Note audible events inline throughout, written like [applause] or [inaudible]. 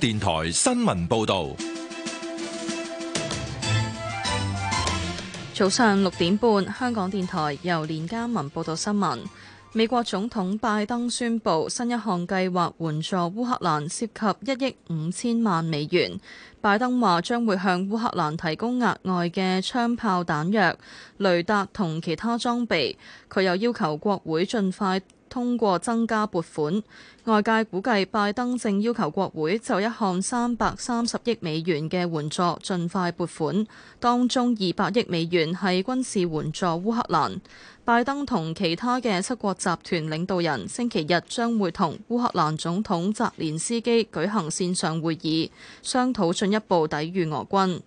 電台新聞報道：早上六點半，香港電台由連家文報道新聞。美國總統拜登宣布新一項計劃援助烏克蘭，涉及一億五千萬美元。拜登話將會向烏克蘭提供額外嘅槍炮彈藥、雷達同其他裝備。佢又要求國會盡快通過增加撥款，外界估計拜登正要求國會就一項三百三十億美元嘅援助盡快撥款，當中二百億美元係軍事援助烏克蘭。拜登同其他嘅七國集團領導人星期日將會同烏克蘭總統澤連斯基舉行線上會議，商討進一步抵禦俄軍。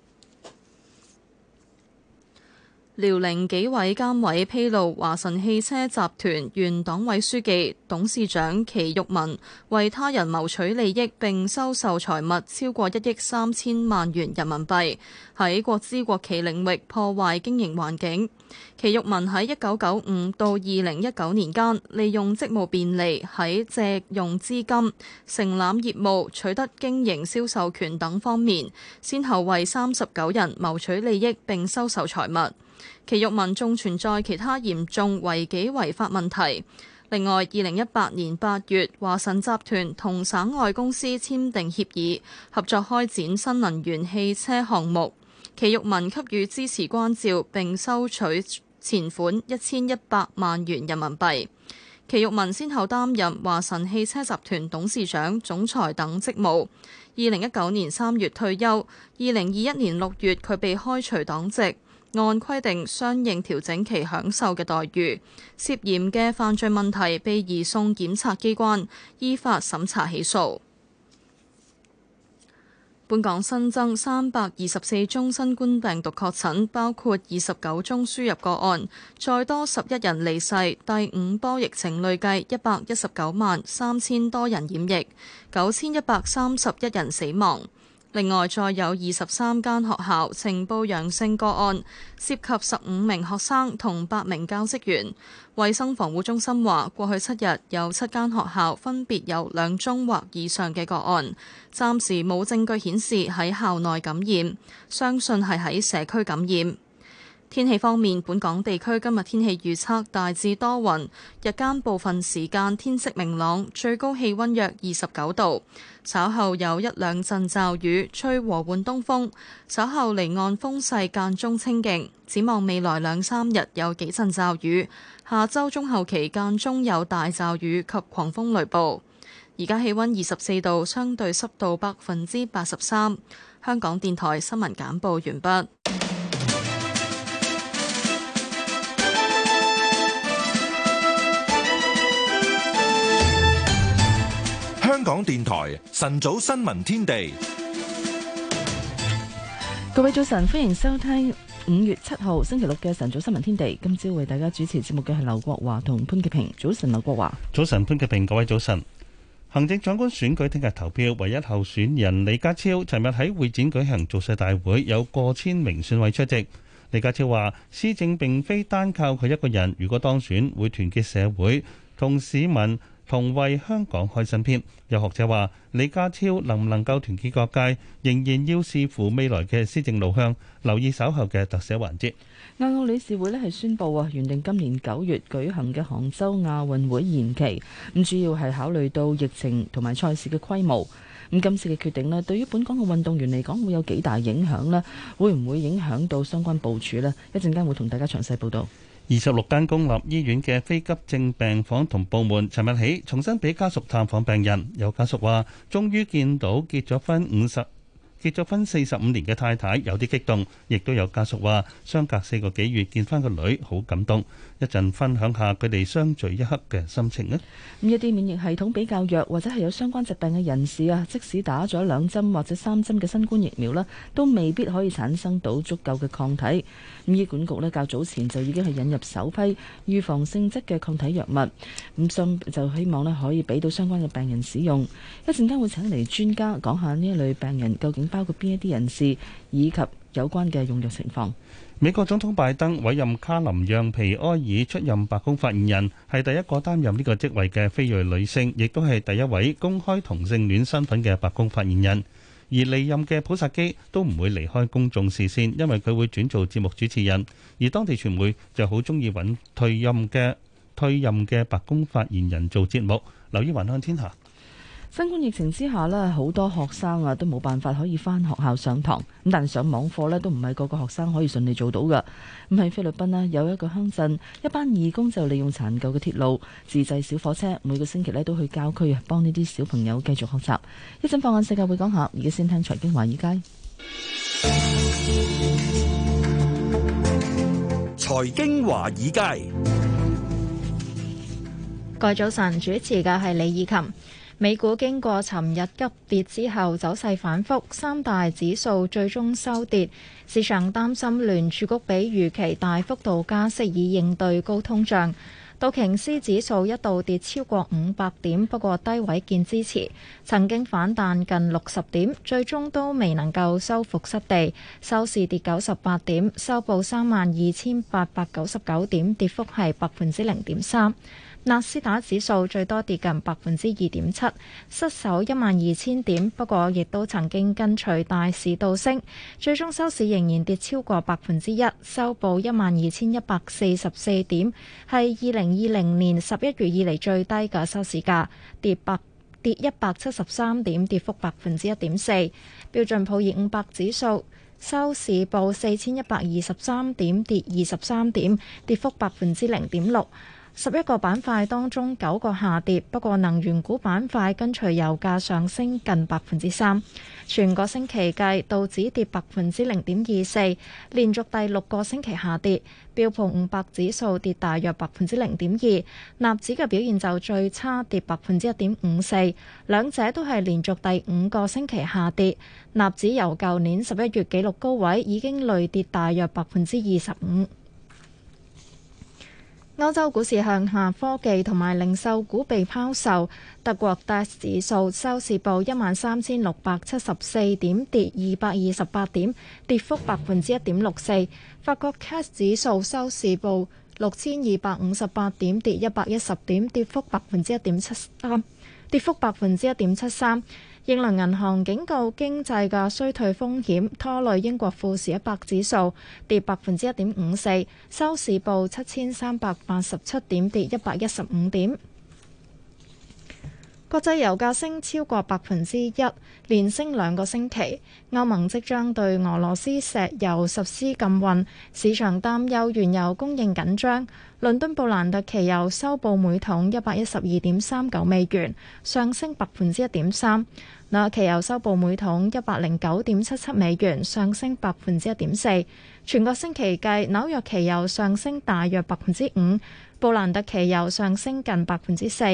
遼寧紀委監委披露，華晨汽車集團原黨委書記、董事長祁玉民為他人謀取利益，並收受財物超過一億三千萬元人民幣，喺國資國企領域破壞經營環境。祁玉民喺一九九五到二零一九年間，利用職務便利喺借用資金、承攬業務、取得經營銷售權等方面，先後為三十九人謀取利益，並收受財物。祁玉民仲存在其他嚴重違紀違法問題。另外，二零一八年八月，華晨集團同省外公司簽訂協議，合作開展新能源汽車項目，祁玉民給予支持關照，並收取錢款一千一百萬元人民幣。祁玉民先後擔任華晨汽車集團董事長、總裁等職務，二零一九年三月退休，二零二一年六月佢被開除黨籍。按規定，相應調整其享受嘅待遇。涉嫌嘅犯罪問題被移送檢察機關依法審查起訴。本港新增三百二十四宗新冠病毒確診，包括二十九宗輸入個案，再多十一人離世。第五波疫情累計一百一十九萬三千多人染疫，九千一百三十一人死亡。另外，再有二十三間學校呈報陽性個案，涉及十五名學生同八名教職員，衛生防護中心話過去七日有七間學校分別有兩宗或以上嘅個案，暫時冇證據顯示喺校內感染，相信係喺社區感染。天氣方面，本港地區今日天氣預測大致多雲，日間部分時間天色明朗，最高氣温約二十九度。稍後有一兩陣驟雨，吹和緩東風。稍後離岸風勢間中清勁，展望未來兩三日有幾陣驟雨，下周中後期間中有大驟雨及狂風雷暴。而家氣温二十四度，相對濕度百分之八十三。香港電台新聞簡報完畢。香港電台晨早新聞天地，各位早晨，歡迎收聽五月七號星期六嘅晨早新聞天地。今朝為大家主持節目嘅係劉國華同潘潔平。早晨，劉國華，早晨，潘潔平。各位早晨。行政長官選舉聽日投票，唯一候選人李家超，尋日喺會展舉行造勢大會，有過千名選委出席。李家超話，施政並非單靠佢一個人，如果當選，會團結社會同市民。同為香港開新篇。有學者話：李家超能唔能夠團結各界，仍然要視乎未來嘅施政路向。留意稍後嘅特寫環節。亞奧理事會呢係宣布啊，原定今年九月舉行嘅杭州亞運會延期。咁主要係考慮到疫情同埋賽事嘅規模。咁今次嘅決定呢，對於本港嘅運動員嚟講，會有幾大影響呢？會唔會影響到相關部署呢？一陣間會同大家詳細報道。二十六間公立醫院嘅非急症病房同部門，尋日起重新畀家屬探訪病人。有家屬話：「終於見到結咗婚五十。」結咗婚四十五年嘅太太有啲激動，亦都有家屬話相隔四個幾月見返個女好感動。一陣分享下佢哋相聚一刻嘅心情咧。咁一啲免疫系統比較弱或者係有相關疾病嘅人士啊，即使打咗兩針或者三針嘅新冠疫苗啦，都未必可以產生到足夠嘅抗體。咁醫管局咧較早前就已經係引入首批預防性質嘅抗體藥物，咁相就希望咧可以俾到相關嘅病人使用。一陣間會請嚟專家講下呢一類病人究竟。包括邊一啲人士，以及有關嘅用藥情況。美國總統拜登委任卡林讓皮埃爾出任白宮發言人，係第一個擔任呢個職位嘅非裔女性，亦都係第一位公開同性戀身份嘅白宮發言人。而離任嘅普薩基都唔會離開公眾視線，因為佢會轉做節目主持人。而當地傳媒就好中意揾退任嘅退任嘅白宮發言人做節目。留意雲響天下。新冠疫情之下咧，好多學生啊都冇辦法可以翻學校上堂，咁但係上網課咧都唔係個個學生可以順利做到噶。咁喺菲律賓咧有一個鄉鎮，一班義工就利用殘舊嘅鐵路自製小火車，每個星期咧都去郊區幫呢啲小朋友繼續學習。一陣放眼世界會講下，而家先聽財經華爾街。財經華爾街，各位早晨，主持嘅係李以琴。美股經過尋日急跌之後，走勢反覆，三大指數最終收跌。市場擔心聯儲局比預期大幅度加息以應對高通脹。道瓊斯指數一度跌超過五百點，不過低位見支持，曾經反彈近六十點，最終都未能夠收復失地，收市跌九十八點，收報三萬二千八百九十九點，跌幅係百分之零點三。納斯達指數最多跌近百分之二點七，失守一萬二千點，不過亦都曾經跟隨大市倒升，最終收市仍然跌超過百分之一，收報一萬二千一百四十四點，係二零二零年十一月以嚟最低嘅收市價，跌百跌一百七十三點，跌幅百分之一點四。標準普爾五百指數收市報四千一百二十三點，跌二十三點，跌幅百分之零點六。十一個板塊當中九個下跌，不過能源股板塊跟隨油價上升近百分之三。全個星期計，道指跌百分之零點二四，連續第六個星期下跌。標普五百指數跌大約百分之零點二，納指嘅表現就最差，跌百分之一點五四，兩者都係連續第五個星期下跌。納指由舊年十一月紀錄高位已經累跌大約百分之二十五。歐洲股市向下，科技同埋零售股被拋售。德國 DAX 指數收市報一萬三千六百七十四點，跌二百二十八點，跌幅百分之一點六四。法國 CAC 指數收市報六千二百五十八點，跌一百一十點，跌幅百分之一點七三。跌幅百分之一點七三。英格蘭銀行警告經濟嘅衰退風險拖累英國富時一百指數跌百分之一點五四，收市報七千三百八十七點，跌一百一十五點。國際油價升超過百分之一，連升兩個星期。歐盟即將對俄羅斯石油實施禁運，市場擔憂原油供應緊張。倫敦布蘭特期油收報每桶一百一十二點三九美元，上升百分之一點三。紐約期油收報每桶一百零九點七七美元，上升百分之一點四。全個星期計，紐約期油上升大約百分之五，布蘭特期油上升近百分之四。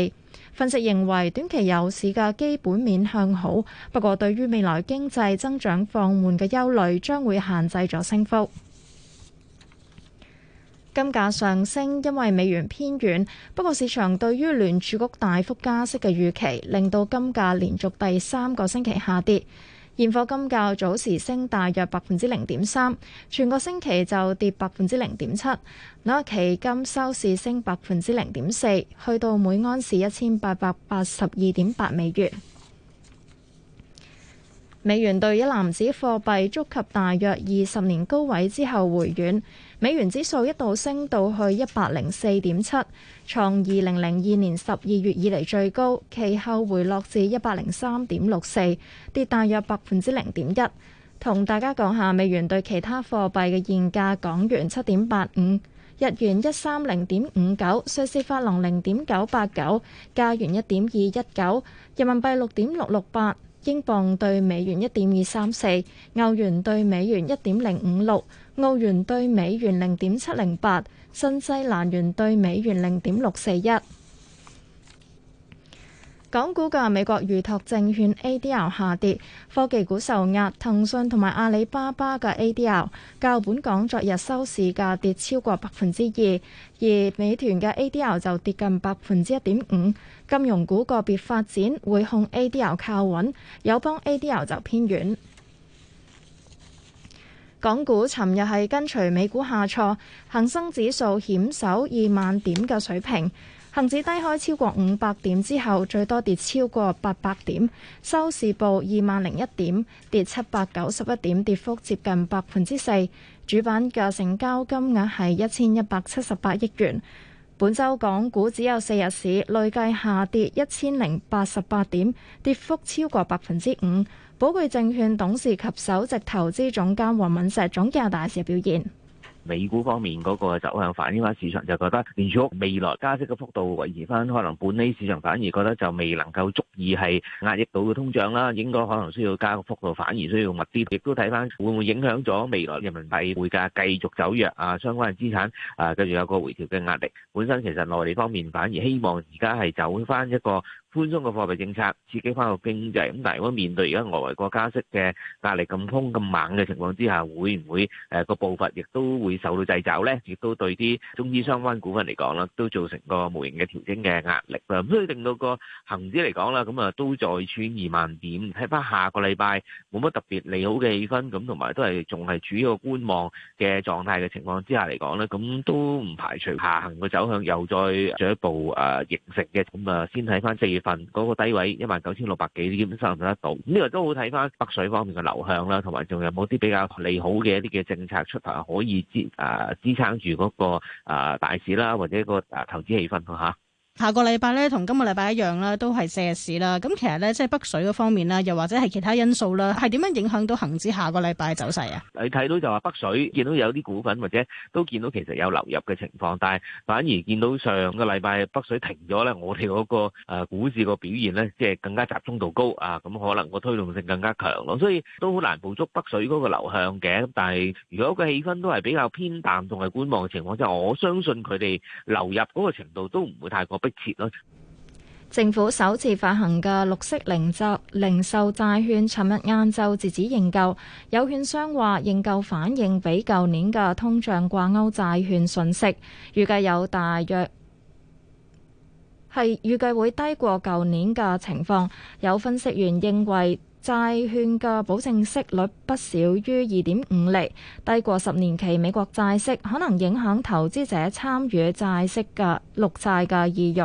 分析認為短期油市嘅基本面向好，不過對於未來經濟增長放緩嘅憂慮將會限制咗升幅。金價上升，因為美元偏軟。不過，市場對於聯儲局大幅加息嘅預期，令到金價連續第三個星期下跌。現貨金較早時升大約百分之零點三，全個星期就跌百分之零點七。紐約期金收市升百分之零點四，去到每安士一千八百八十二點八美元。美元兌一籃子貨幣觸及大約二十年高位之後回軟。美元指數一度升到去一百零四點七，創二零零二年十二月以嚟最高，其後回落至一百零三點六四，跌大約百分之零點一。同大家講下美元對其他貨幣嘅現價：港元七點八五，日元一三零點五九，瑞士法郎零點九八九，加元一點二一九，人民幣六點六六八，英鎊對美元一點二三四，歐元對美元一點零五六。澳元兌美元零點七零八，新西蘭元兌美元零點六四一。港股嘅美國預託證券 ADR 下跌，科技股受壓，騰訊同埋阿里巴巴嘅 ADR 較本港昨日收市價跌超過百分之二，而美團嘅 ADR 就跌近百分之一點五。金融股個別發展，匯控 ADR 靠穩，友邦 ADR 就偏軟。港股尋日係跟隨美股下挫，恒生指數險守二萬點嘅水平。恒指低開超過五百點之後，最多跌超過八百點，收市報二萬零一點，跌七百九十一點，跌幅接近百分之四。主板嘅成交金額係一千一百七十八億元。本周港股只有四日市，累計下跌一千零八十八點，跌幅超過百分之五。寶钜證券董事及首席投資總監黃敏石總監有大市表現。美股方面嗰個走向反映翻市場就覺得，連咗未來加息嘅幅度維持翻，可能本地市場反而覺得就未能夠足以係壓抑到嘅通脹啦，應該可能需要加個幅度反而需要密啲，亦都睇翻會唔會影響咗未來人民幣匯價繼續走弱啊，相關嘅資產啊，繼續有個回調嘅壓力。本身其實內地方面反而希望而家係走翻一個。寬鬆嘅貨幣政策刺激翻個經濟，咁但係如果面對而家外圍國家息嘅壓力咁兇咁猛嘅情況之下，會唔會誒個步伐亦都會受到掣肘咧？亦都對啲中資相關股份嚟講啦，都造成個無形嘅調整嘅壓力啦。咁所以令到個恆指嚟講啦，咁啊都再穿二萬點，睇翻下個禮拜冇乜特別利好嘅氣氛，咁同埋都係仲係處於一個觀望嘅狀態嘅情況之下嚟講咧，咁都唔排除下行嘅走向又再進一步誒形成嘅。咁啊，先睇翻四月。份嗰個低位一萬九千六百幾點收唔收到？呢、呢個都好睇翻北水方面嘅流向啦，同埋仲有冇啲比較利好嘅一啲嘅政策出台，可以支啊支撐住嗰個啊大市啦，或者個啊投資氣氛咯。下個禮拜咧，同今個禮拜一樣啦，都係四日市啦。咁其實咧，即係北水嗰方面啦，又或者係其他因素啦，係點樣影響到恒指下個禮拜走勢啊？你睇到就話北水見到有啲股份或者都見到其實有流入嘅情況，但係反而見到上個禮拜北水停咗咧，我哋嗰、那個、呃、股市個表現咧，即係更加集中度高啊，咁可能個推動性更加強咯。所以都好難捕捉北水嗰個流向嘅。但係如果個氣氛都係比較偏淡，同埋觀望嘅情況之下，我相信佢哋流入嗰個程度都唔會太過。政府首次發行嘅綠色零售零售債券，尋日晏晝截止認購，有券商話認購反應比舊年嘅通脹掛鈎債券順息，預計有大約係預計會低過舊年嘅情況，有分析員認為。債券嘅保證息率不少於二點五厘，低過十年期美國債息，可能影響投資者參與債息嘅綠債嘅意欲。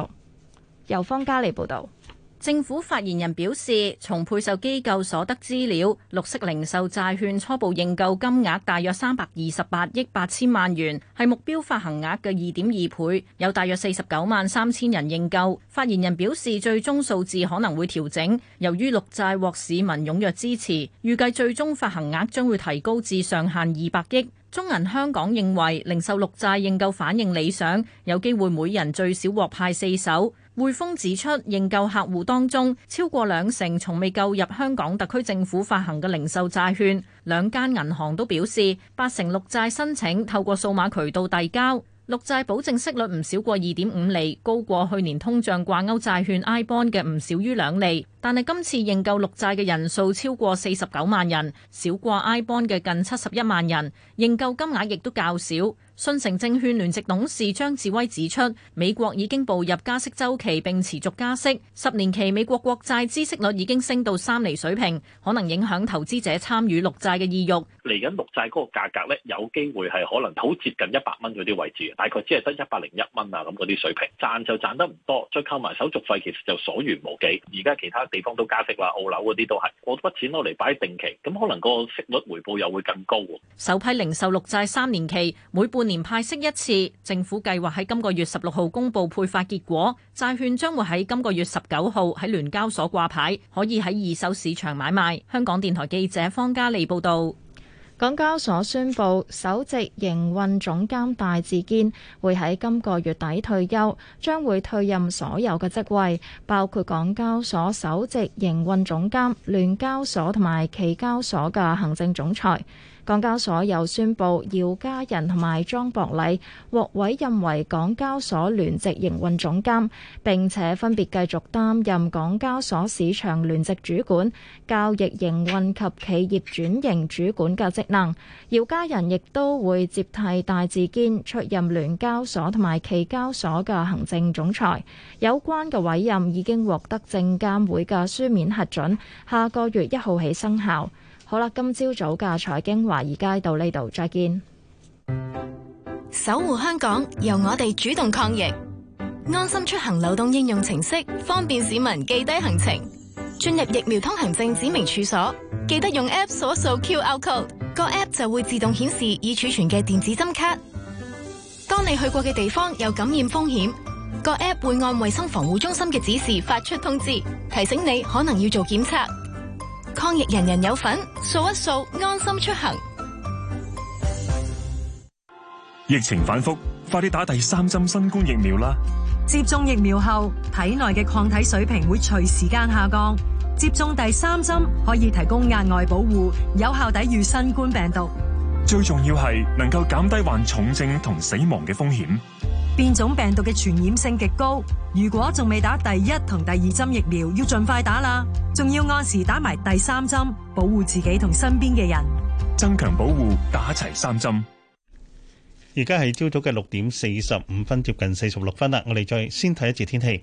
由方嘉利報導。政府發言人表示，從配售機構所得資料，綠色零售債券初步認購金額大約三百二十八億八千萬元，係目標發行額嘅二點二倍，有大約四十九萬三千人認購。發言人表示，最終數字可能會調整，由於綠債獲市民踴躍支持，預計最終發行額將會提高至上限二百億。中銀香港認為，零售綠債認購反應理想，有機會每人最少獲派四手。匯豐指出，認購客戶當中超過兩成從未購入香港特區政府發行嘅零售債券。兩間銀行都表示，八成綠債申請透過數碼渠道遞交，綠債保證息率唔少過二點五厘，高過去年通脹掛鈎債券 iBond 嘅唔少於兩厘。但係今次認購綠債嘅人數超過四十九萬人，少過 iBond 嘅近七十一萬人，認購金額亦都較少。信誠證券聯席董事張智威指出，美國已經步入加息周期並持續加息，十年期美國國債孳息率已經升到三厘水平，可能影響投資者參與綠債嘅意欲。嚟緊綠債嗰個價格呢，有機會係可能好接近一百蚊嗰啲位置，大概只係得一百零一蚊啊咁嗰啲水平，賺就賺得唔多，再扣埋手續費，其實就所餘無幾。而家其他地方都加息啦，澳樓嗰啲都係，攞筆錢攞嚟擺定期，咁可能個息率回報又會更高。首批零售綠債三年期每半年派息一次，政府計劃喺今個月十六號公佈配發結果，債券將會喺今個月十九號喺聯交所掛牌，可以喺二手市場買賣。香港電台記者方嘉利報道，港交所宣布首席營運總監戴志堅會喺今個月底退休，將會退任所有嘅職位，包括港交所首席營運總監、聯交所同埋期交所嘅行政總裁。港交所又宣布，姚嘉仁同埋莊博禮獲委任為港交所聯席營運總監，並且分別繼續擔任港交所市場聯席主管、交易營運及企業轉型主管嘅職能。姚嘉仁亦都會接替戴志堅出任聯交所同埋期交所嘅行政總裁。有關嘅委任已經獲得證監會嘅書面核准，下個月一號起生效。好啦，今朝早嘅財經華爾街到呢度再見。守護香港，由我哋主動抗疫。安心出行，流動應用程式方便市民記低行程，進入疫苗通行證指明處所，記得用 app 掃一掃 QR Code，個 app 就會自動顯示已儲存嘅電子針卡。當你去過嘅地方有感染風險，個 app 會按衛生防護中心嘅指示發出通知，提醒你可能要做檢測。抗疫人人有份，掃一掃安心出行。疫情反復，快啲打第三針新冠疫苗啦！接種疫苗後，體內嘅抗體水平會隨時間下降，接種第三針可以提供額外保護，有效抵禦新冠病毒。最重要係能夠減低患重症同死亡嘅風險。變種病毒嘅傳染性極高，如果仲未打第一同第二針疫苗，要盡快打啦！仲要按時打埋第三針，保護自己同身邊嘅人，增強保護，打齊三針。而家係朝早嘅六點四十五分，接近四十六分啦。我哋再先睇一次天氣。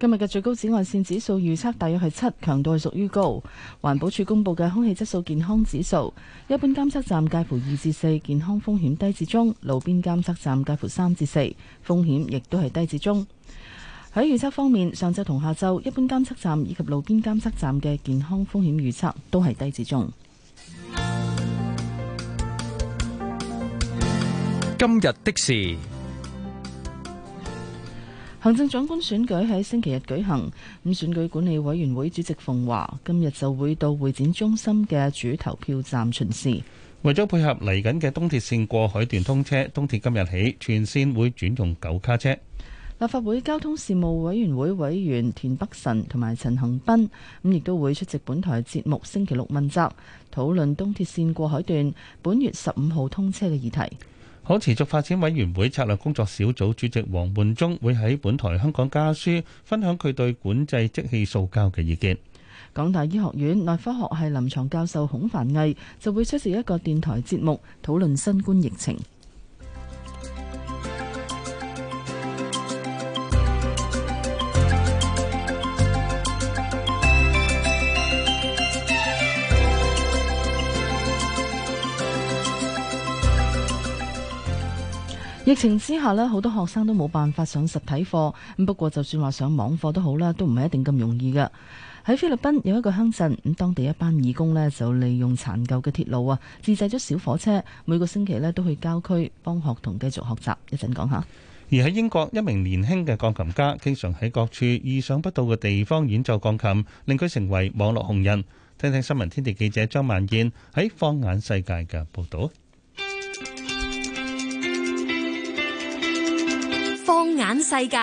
今日嘅最高紫外線指數預測大約係七，強度係屬於高。環保署公布嘅空氣質素健康指數，一般監測站介乎二至四，健康風險低至中；路邊監測站介乎三至四，風險亦都係低至中。喺預測方面，上晝同下晝，一般監測站以及路邊監測站嘅健康風險預測都係低至中。今日的事。行政長官選舉喺星期日舉行，咁選舉管理委員會主席馮華今日就會到會展中心嘅主投票站巡視。為咗配合嚟緊嘅東鐵綫過海段通車，東鐵今日起全綫會轉用九卡車。立法會交通事務委員會委員田北辰同埋陳恒鑌，咁亦都會出席本台節目星期六問責，討論東鐵綫過海段本月十五號通車嘅議題。可持續發展委員會策略工作小組主席黃煥忠會喺本台《香港家書》分享佢對管制即棄塑膠嘅意見。港大醫學院內科學系臨床教授孔繁毅就會出席一個電台節目，討論新冠疫情。疫情之下咧，好多學生都冇辦法上實體課。咁不過就算話上網課都好啦，都唔係一定咁容易噶。喺菲律賓有一個鄉鎮，咁當地一班義工呢，就利用殘舊嘅鐵路啊，自製咗小火車，每個星期呢，都去郊區幫學童繼續學習。一陣講下。而喺英國，一名年輕嘅鋼琴家經常喺各處意想不到嘅地方演奏鋼琴，令佢成為網絡紅人。聽聽新聞天地記者張萬燕喺放眼世界嘅報道。放眼世界，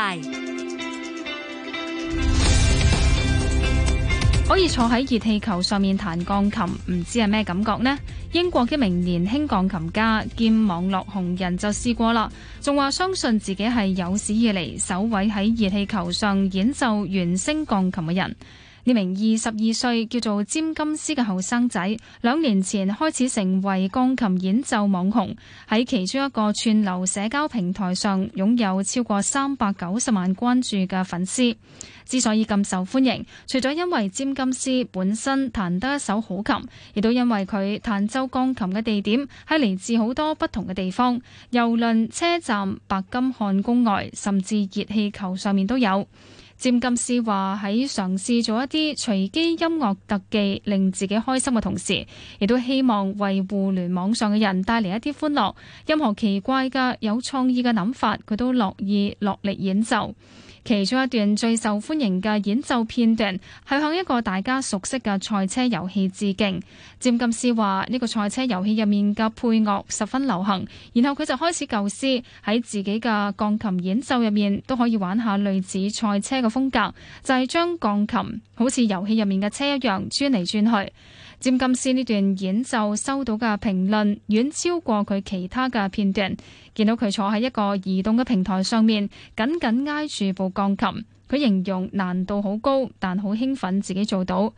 可以坐喺熱氣球上面彈鋼琴，唔知係咩感覺呢？英國一名年輕鋼琴家兼網絡紅人就試過啦，仲話相信自己係有史以嚟首位喺熱氣球上演奏原聲鋼琴嘅人。呢名二十二歲叫做詹金斯嘅後生仔，兩年前開始成為鋼琴演奏網紅，喺其中一個串流社交平台上擁有超過三百九十萬關注嘅粉絲。之所以咁受歡迎，除咗因為詹金斯本身彈得一手好琴，亦都因為佢彈奏鋼琴嘅地點係嚟自好多不同嘅地方，遊輪、車站、白金漢宮外，甚至熱氣球上面都有。詹金斯話：喺嘗試做一啲隨機音樂特技，令自己開心嘅同時，亦都希望為互聯網上嘅人帶嚟一啲歡樂。任何奇怪嘅、有創意嘅諗法，佢都樂意落力演奏。其中一段最受歡迎嘅演奏片段係向一個大家熟悉嘅賽車遊戲致敬。詹金斯話：呢個賽車遊戲入面嘅配樂十分流行，然後佢就開始構思喺自己嘅鋼琴演奏入面都可以玩下類似賽車嘅風格，就係將鋼琴好似遊戲入面嘅車一樣轉嚟轉去。詹金斯呢段演奏收到嘅評論遠遠超過佢其他嘅片段，見到佢坐喺一個移動嘅平台上面，緊緊挨住部鋼琴。佢形容難度好高，但好興奮自己做到。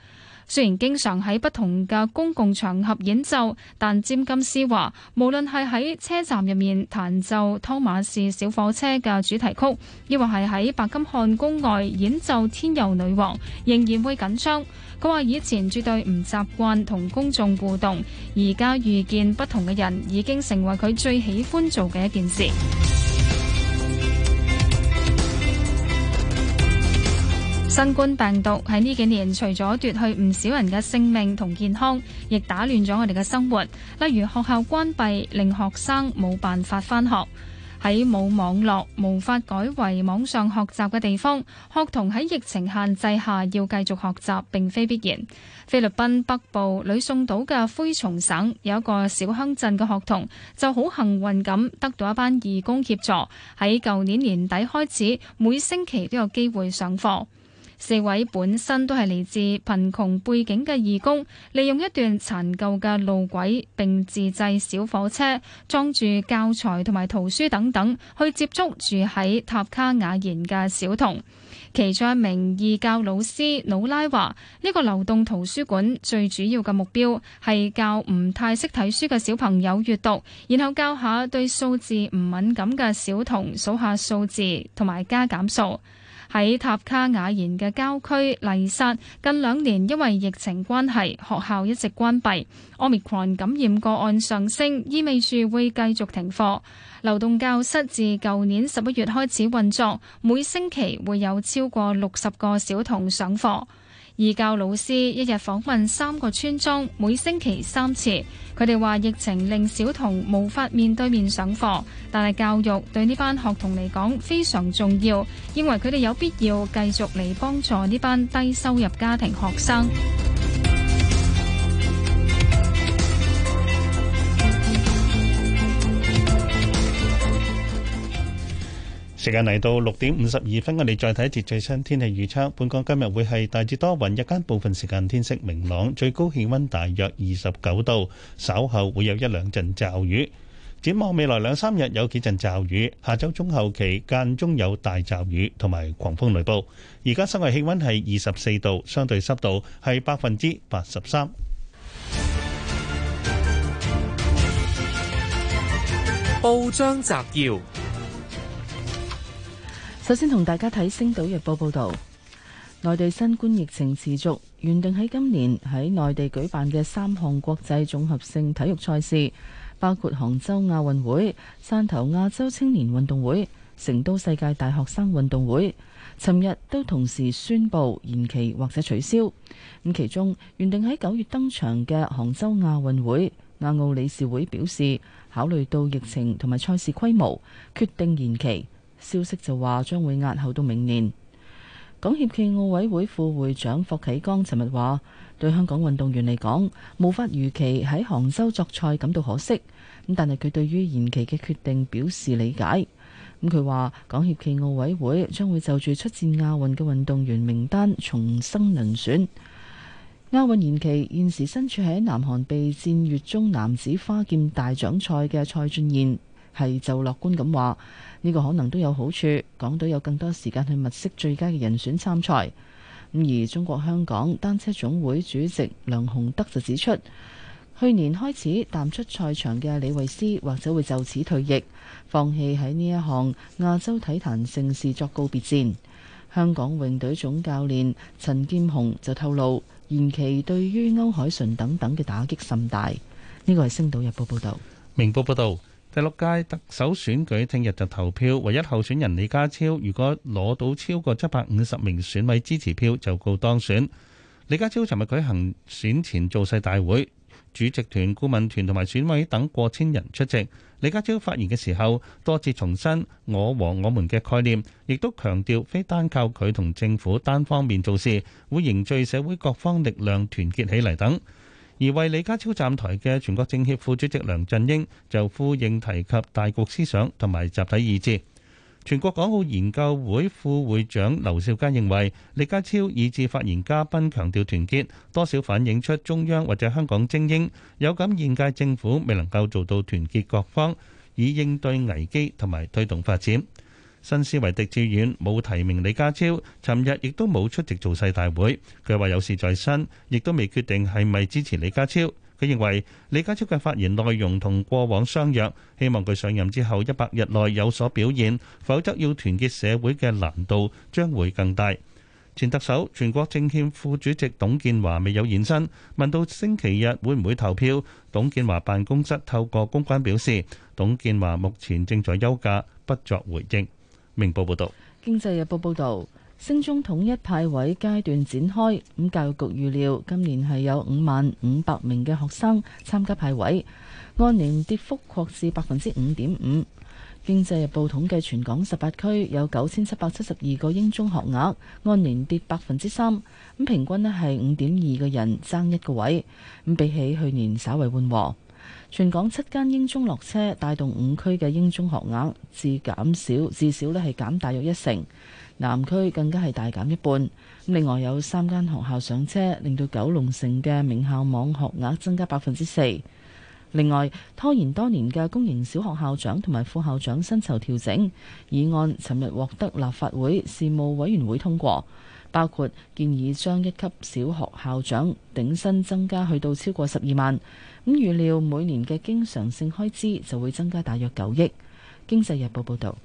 雖然經常喺不同嘅公共場合演奏，但詹金斯話：無論係喺車站入面彈奏《湯馬士小火車》嘅主題曲，亦或係喺白金漢宮外演奏《天佑女王》，仍然會緊張。佢話：以前絕對唔習慣同公眾互動，而家遇見不同嘅人，已經成為佢最喜歡做嘅一件事。新冠病毒喺呢幾年，除咗奪去唔少人嘅性命同健康，亦打亂咗我哋嘅生活。例如學校關閉，令學生冇辦法返學。喺冇網絡、無法改為網上學習嘅地方，學童喺疫情限制下要繼續學習，並非必然。菲律賓北部呂宋島嘅灰松省有一個小鄉鎮嘅學童就好幸運咁，得到一班義工協助，喺舊年年底開始，每星期都有機會上課。四位本身都係嚟自貧窮背景嘅義工，利用一段殘舊嘅路軌並自製小火車，裝住教材同埋圖書等等，去接觸住喺塔卡雅研嘅小童。其中一名義教老師魯拉話，呢個流動圖書館最主要嘅目標係教唔太識睇書嘅小朋友閱讀，然後教下對數字唔敏感嘅小童數下數字同埋加減數。喺塔卡雅然嘅郊區麗沙，近兩年因為疫情關係，學校一直關閉。omicron 感染個案上升，意味住會繼續停課，流動教室自舊年十一月開始運作，每星期會有超過六十個小童上課。義教老師一日訪問三個村莊，每星期三次。佢哋話疫情令小童無法面對面上課，但係教育對呢班學童嚟講非常重要，認為佢哋有必要繼續嚟幫助呢班低收入家庭學生。時間嚟到六點五十二分，我哋再睇一節最新天氣預測。本港今日會係大致多雲，日間部分時間天色明朗，最高氣溫大約二十九度，稍後會有一兩陣驟雨。展望未來兩三日有幾陣驟雨，下周中後期間中有大驟雨同埋狂風雷暴。而家室外氣溫係二十四度，相對濕度係百分之八十三。報章摘要。首先同大家睇《星島日報》報道，內地新冠疫情持續，原定喺今年喺內地舉辦嘅三項國際綜合性體育賽事，包括杭州亞運會、汕頭亞洲青年運動會、成都世界大學生運動會，尋日都同時宣布延期或者取消。咁其中，原定喺九月登場嘅杭州亞運會，亞奧理事會表示，考慮到疫情同埋賽事規模，決定延期。消息就話將會押後到明年。港協暨奧委會副會長霍啟剛尋日話：對香港運動員嚟講，無法如期喺杭州作賽感到可惜。咁但係佢對於延期嘅決定表示理解。咁佢話：港協暨奧委會將會就住出戰亞運嘅運動員名單重新遴選。亞運延期現時身處喺南韓備戰月中男子花劍大獎賽嘅蔡俊彥，係就樂觀咁話，呢、這個可能都有好處，港隊有更多時間去物色最佳嘅人選參賽。咁而中國香港單車總會主席梁鴻德就指出，去年開始淡出賽場嘅李慧詩，或者會就此退役，放棄喺呢一項亞洲體壇盛事作告別戰。香港泳隊總教練陳劍虹就透露，延期對於歐鎧淳等等嘅打擊甚大。呢個係星島日報報導，明報報導。第六屆特首選舉聽日就投票，唯一候選人李家超如果攞到超過七百五十名選委支持票就告當選。李家超尋日舉行選前造勢大會，主席團、顧問團同埋選委等過千人出席。李家超發言嘅時候，多次重申我和我們嘅概念，亦都強調非單靠佢同政府單方面做事，會凝聚社會各方力量團結起嚟等。而為李家超站台嘅全國政協副主席梁振英就呼應提及大局思想同埋集體意志。全國港澳研究會副會長劉兆佳認為，李家超以至發言嘉賓強調團結，多少反映出中央或者香港精英有感現屆政府未能夠做到團結各方，以應對危機同埋推動發展。新思維狄志遠冇提名李家超，尋日亦都冇出席造勢大會。佢話有事在身，亦都未決定係咪支持李家超。佢認為李家超嘅發言內容同過往相若，希望佢上任之後一百日內有所表現，否則要團結社會嘅難度將會更大。前特首全國政協副主席董建華未有現身，問到星期日會唔會投票，董建華辦公室透過公關表示，董建華目前正在休假，不作回應。明報報道，經濟日報報道，升中統一派位階段展開，咁教育局預料今年係有五萬五百名嘅學生參加派位，按年跌幅擴至百分之五點五。經濟日報統計，全港十八區有九千七百七十二個英中學額，按年跌百分之三，咁平均呢係五點二個人爭一個位，咁比起去年稍為緩和。全港七間英中落車，帶動五區嘅英中學額至減少，至少咧係減大約一成。南區更加係大減一半。另外有三間學校上車，令到九龍城嘅名校網學額增加百分之四。另外，拖延多年嘅公營小學校長同埋副校長薪酬調整議案，尋日獲得立法會事務委員會通過，包括建議將一級小學校長頂薪增加去到超過十二萬。咁預料每年嘅經常性開支就會增加大約九億。經濟日報報導，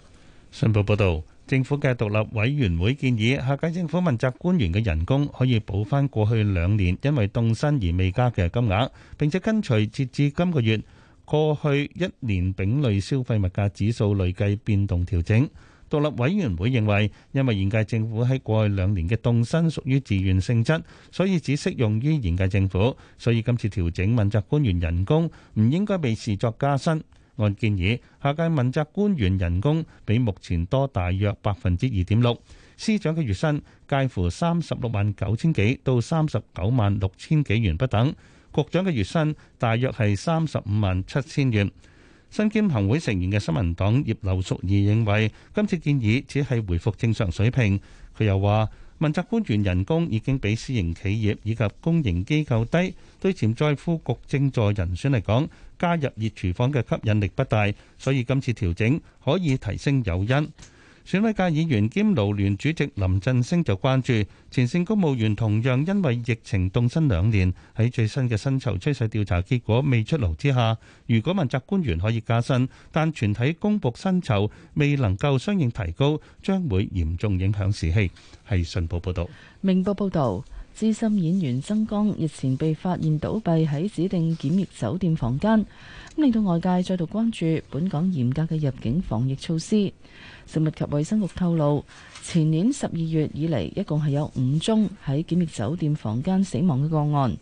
信報報導，政府嘅獨立委員會建議，下屆政府問責官員嘅人工可以補翻過去兩年因為凍薪而未加嘅金額，並且跟隨截至今個月過去一年丙類消費物價指數累計變動調整。獨立委員會認為，因為現屆政府喺過去兩年嘅凍薪屬於自願性質，所以只適用於現屆政府。所以今次調整問責官員人工唔應該被視作加薪。按建議，下屆問責官員人工比目前多大約百分之二點六。司長嘅月薪介乎三十六萬九千幾到三十九萬六千幾元不等，局長嘅月薪大約係三十五萬七千元。身兼行會成員嘅新聞黨葉劉淑儀認為，今次建議只係回復正常水平。佢又話，問責官員人工已經比私營企業以及公營機構低，對潛在副局政助人選嚟講，加入熱廚房嘅吸引力不大，所以今次調整可以提升誘因。選委界議員兼勞聯主席林振升就關注前線公務員同樣因為疫情凍薪兩年，喺最新嘅薪酬趨勢調查結果未出爐之下，如果問責官員可以加薪，但全體公僕薪酬未能夠相應提高，將會嚴重影響士氣。係信報報道，明報報道。資深演員曾江日前被發現倒斃喺指定檢疫酒店房間，令到外界再度關注本港嚴格嘅入境防疫措施。食物及衛生局透露，前年十二月以嚟，一共係有五宗喺檢疫酒店房間死亡嘅個案。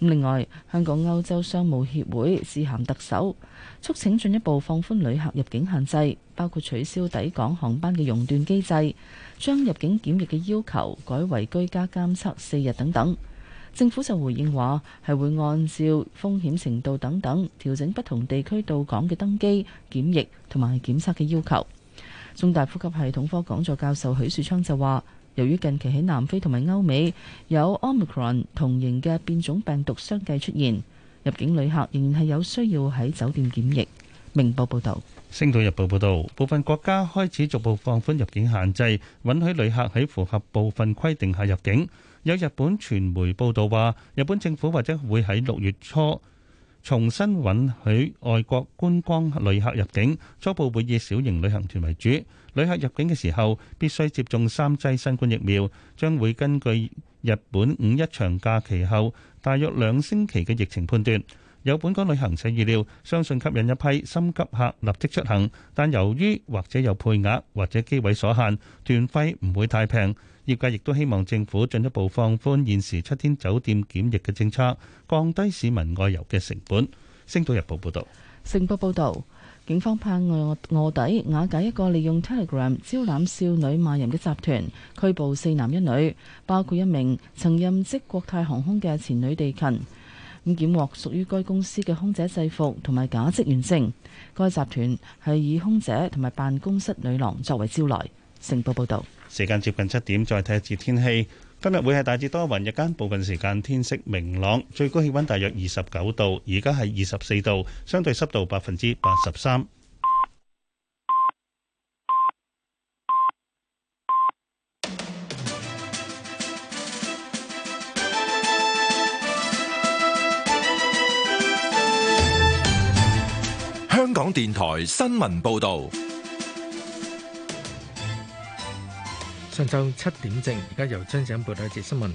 另外，香港歐洲商務協會致函特首，促請進一步放寬旅客入境限制，包括取消抵港航班嘅熔斷機制，將入境檢疫嘅要求改為居家監測四日等等。政府就回應話，係會按照風險程度等等調整不同地區到港嘅登機檢疫同埋檢測嘅要求。中大呼吸系統科講座教授許樹昌就話。由於近期喺南非同埋歐美有 Omicron 同型嘅變種病毒相繼出現，入境旅客仍然係有需要喺酒店檢疫。明報報導，《星島日報》報導，部分國家開始逐步放寬入境限制，允許旅客喺符合部分規定下入境。有日本傳媒報導話，日本政府或者會喺六月初重新允許外國觀光旅客入境，初步會以小型旅行團為主。旅客入境嘅時候必須接種三劑新冠疫苗，將會根據日本五一長假期後大約兩星期嘅疫情判斷。有本港旅行社預料，相信吸引一批心急客立即出行，但由於或者有配額或者機位所限，團費唔會太平。業界亦都希望政府進一步放寬現時七天酒店檢疫嘅政策，降低市民外遊嘅成本。星島日報報道。星報報導。警方派臥臥底瓦解一個利用 Telegram 招攬少女賣淫嘅集團，拘捕四男一女，包括一名曾任職國泰航空嘅前女地勤，檢獲屬於該公司嘅空姐制服同埋假職員證，該集團係以空姐同埋辦公室女郎作為招徠。成報報道。時間接近七點，再睇一次天氣。今日會係大致多雲，日間部分時間天色明朗，最高氣溫大約二十九度，而家係二十四度，相對濕度百分之八十三。香港電台新聞報道。上晝七點正，而家由張生報道一節新聞。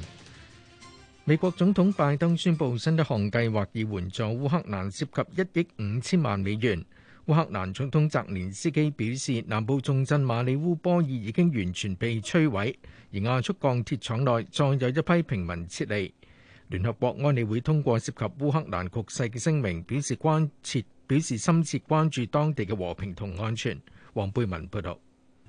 美國總統拜登宣布新一項計劃以援助烏克蘭，涉及一億五千萬美元。烏克蘭總統澤連斯基表示，南部重鎮馬里烏波爾已經完全被摧毀，而亞速鋼鐵廠內，再有一批平民撤離。聯合國安理會通過涉及烏克蘭局勢嘅聲明，表示關切，表示深切關注當地嘅和平同安全。黃貝文報道。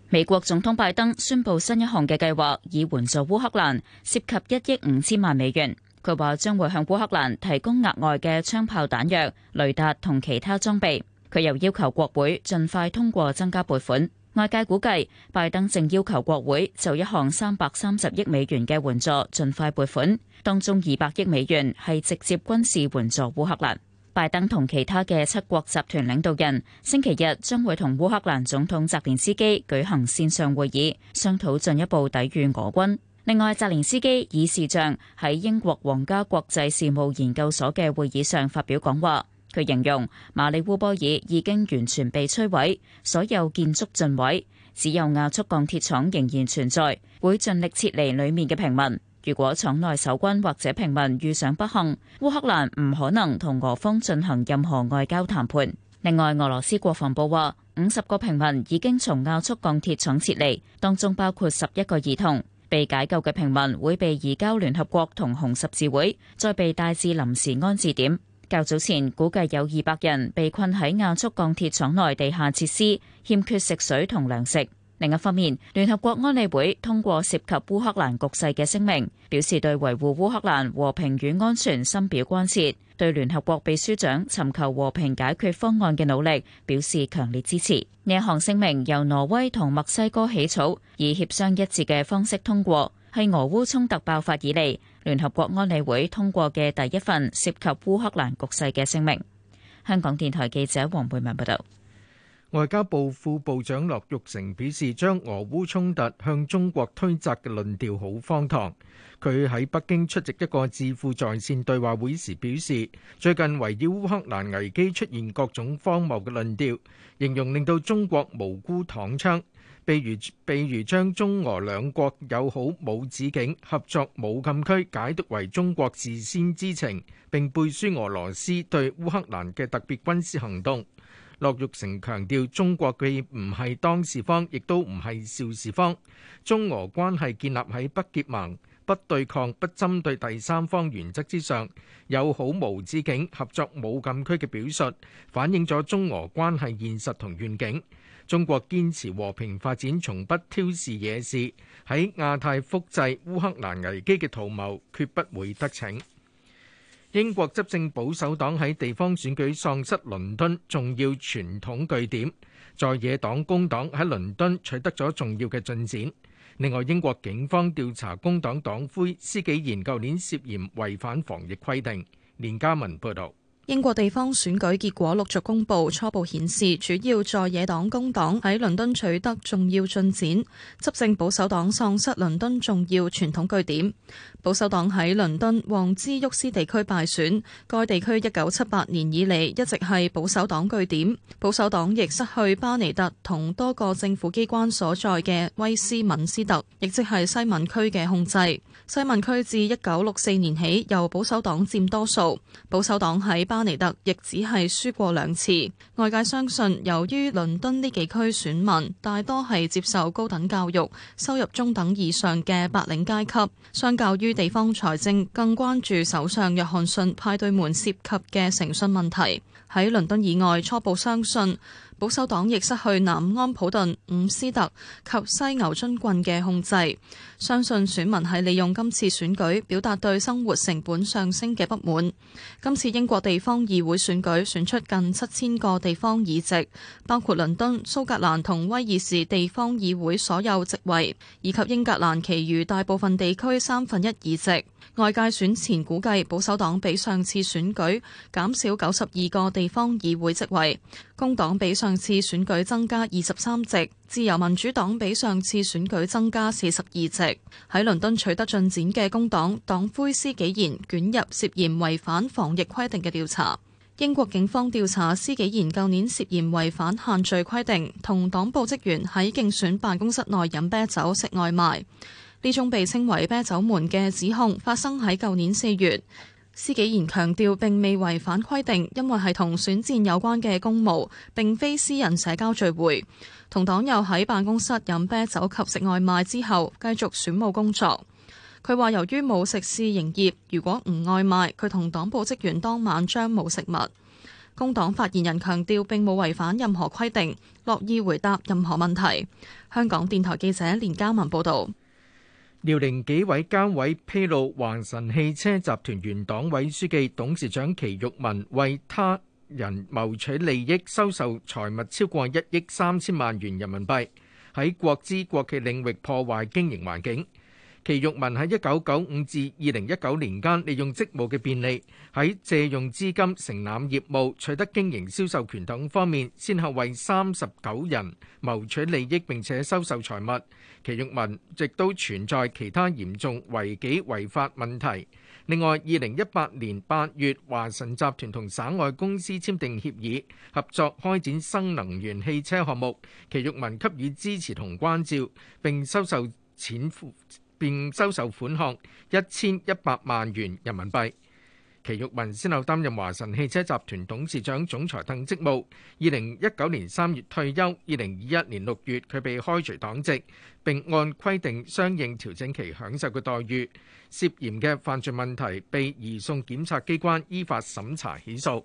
美國總統拜登宣佈新一項嘅計劃，以援助烏克蘭，涉及一億五千萬美元。佢話將會向烏克蘭提供額外嘅槍炮彈藥、雷達同其他裝備。佢又要求國會盡快通過增加撥款。外界估計，拜登正要求國會就一項三百三十億美元嘅援助盡快撥款，當中二百億美元係直接軍事援助烏克蘭。拜登同其他嘅七國集團領導人星期日將會同烏克蘭總統澤連斯基舉行線上會議，商討進一步抵御俄軍。另外，澤連斯基以視像喺英國皇家國際事務研究所嘅會議上發表講話。佢形容馬里烏波爾已經完全被摧毀，所有建築盡毀，只有亞速鋼鐵廠仍然存在，會盡力撤離裏面嘅平民。如果廠內守軍或者平民遇上不幸，烏克蘭唔可能同俄方進行任何外交談判。另外，俄羅斯國防部話，五十個平民已經從亞速鋼鐵廠撤離，當中包括十一個兒童。被解救嘅平民會被移交聯合國同紅十字會，再被帶至臨時安置點。較早前，估計有二百人被困喺亞速鋼鐵廠內地下設施，欠缺食水同糧食。另一方面，聯合國安理會通過涉及烏克蘭局勢嘅聲明，表示對維護烏克蘭和平與安全深表關切，對聯合國秘書長尋求和平解決方案嘅努力表示強烈支持。呢一項聲明由挪威同墨西哥起草，以協商一致嘅方式通過，係俄烏衝突爆發以嚟聯合國安理會通過嘅第一份涉及烏克蘭局勢嘅聲明。香港電台記者黃佩文報道。外交部副部長樂玉成表示，將俄烏衝突向中國推責嘅論調好荒唐。佢喺北京出席一個智庫在線對話會時表示，最近圍繞烏克蘭危機出現各種荒謬嘅論調，形容令到中國無辜躺槍，譬如譬如將中俄兩國友好冇止境、合作冇禁區解讀為中國事先知情，並背書俄羅斯對烏克蘭嘅特別軍事行動。駱玉成強調，中國既唔係當事方，亦都唔係肇事方。中俄關係建立喺不結盟、不對抗、不針對第三方原則之上，友好無止境、合作無禁區嘅表述，反映咗中俄關係現實同願景。中國堅持和平發展，從不挑事惹事。喺亞太複製烏克蘭危機嘅圖謀，決不會得逞。英國執政保守黨喺地方選舉喪失倫敦重要傳統據點，在野黨工黨喺倫敦取得咗重要嘅進展。另外，英國警方調查工黨黨魁施紀賢舊年涉嫌違反防疫規定。連家文報道。英國地方選舉結果陸續公佈，初步顯示主要在野黨工黨喺倫敦取得重要進展，執政保守黨喪失倫敦重要傳統據點。保守黨喺倫敦旺茲沃斯地區敗選，該地區一九七八年以嚟一直係保守黨據點。保守黨亦失去巴尼特同多個政府機關所在嘅威斯敏斯特，亦即係西敏區嘅控制。西文區自一九六四年起由保守黨佔多數，保守黨喺巴尼特亦只係輸過兩次。外界相信，由於倫敦呢幾區選民大多係接受高等教育、收入中等以上嘅白領階級，相較於地方財政，更關注首相約翰遜派對門涉及嘅誠信問題。喺倫敦以外，初步相信。保守黨亦失去南安普頓、伍斯特及西牛津郡嘅控制，相信選民係利用今次選舉表達對生活成本上升嘅不滿。今次英國地方議會選舉選出近七千個地方議席，包括倫敦、蘇格蘭同威爾士地方議會所有席位，以及英格蘭其餘大部分地區三分一議席。外界選前估計保守黨比上次選舉減少九十二個地方議會席位。工黨比上次選舉增加二十三席，自由民主黨比上次選舉增加四十二席。喺倫敦取得進展嘅工黨黨魁施紀賢捲入涉嫌違反防疫規定嘅調查。英國警方調查施紀賢舊年涉嫌違反限聚規定，同黨部職員喺競選辦公室內飲啤酒食外賣。呢種被稱為啤酒門嘅指控，發生喺舊年四月。施紀賢強調並未違反規定，因為係同選戰有關嘅公務，並非私人社交聚會。同黨又喺辦公室飲啤酒及食外賣之後，繼續選務工作。佢話由於冇食肆營業，如果唔外賣，佢同黨部職員當晚將冇食物。工黨發言人強調並冇違反任何規定，樂意回答任何問題。香港電台記者連嘉文報道。遼寧紀委監委披露，華晨汽車集團原黨委書記、董事長祁玉文為他人謀取利益，收受財物超過一億三千萬元人民幣，喺國資國企領域破壞經營環境。祁玉文喺一九九五至二零一九年間，利用職務嘅便利，喺借用資金、承攬業務、取得經營銷售權等方面，先後為三十九人謀取利益，並且收受財物。祁玉民亦都存在其他嚴重違紀違法問題。另外，二零一八年八月，華晨集團同省外公司簽訂協議，合作開展新能源汽車項目，祁玉民給予支持同關照，並收受錢並收受款項一千一百萬元人民幣。祁玉民先後擔任華晨汽車集團董事長、總裁等職務，二零一九年三月退休，二零二一年六月佢被開除黨籍，並按規定相應調整其享受嘅待遇，涉嫌嘅犯罪問題被移送檢察機關依法審查起訴。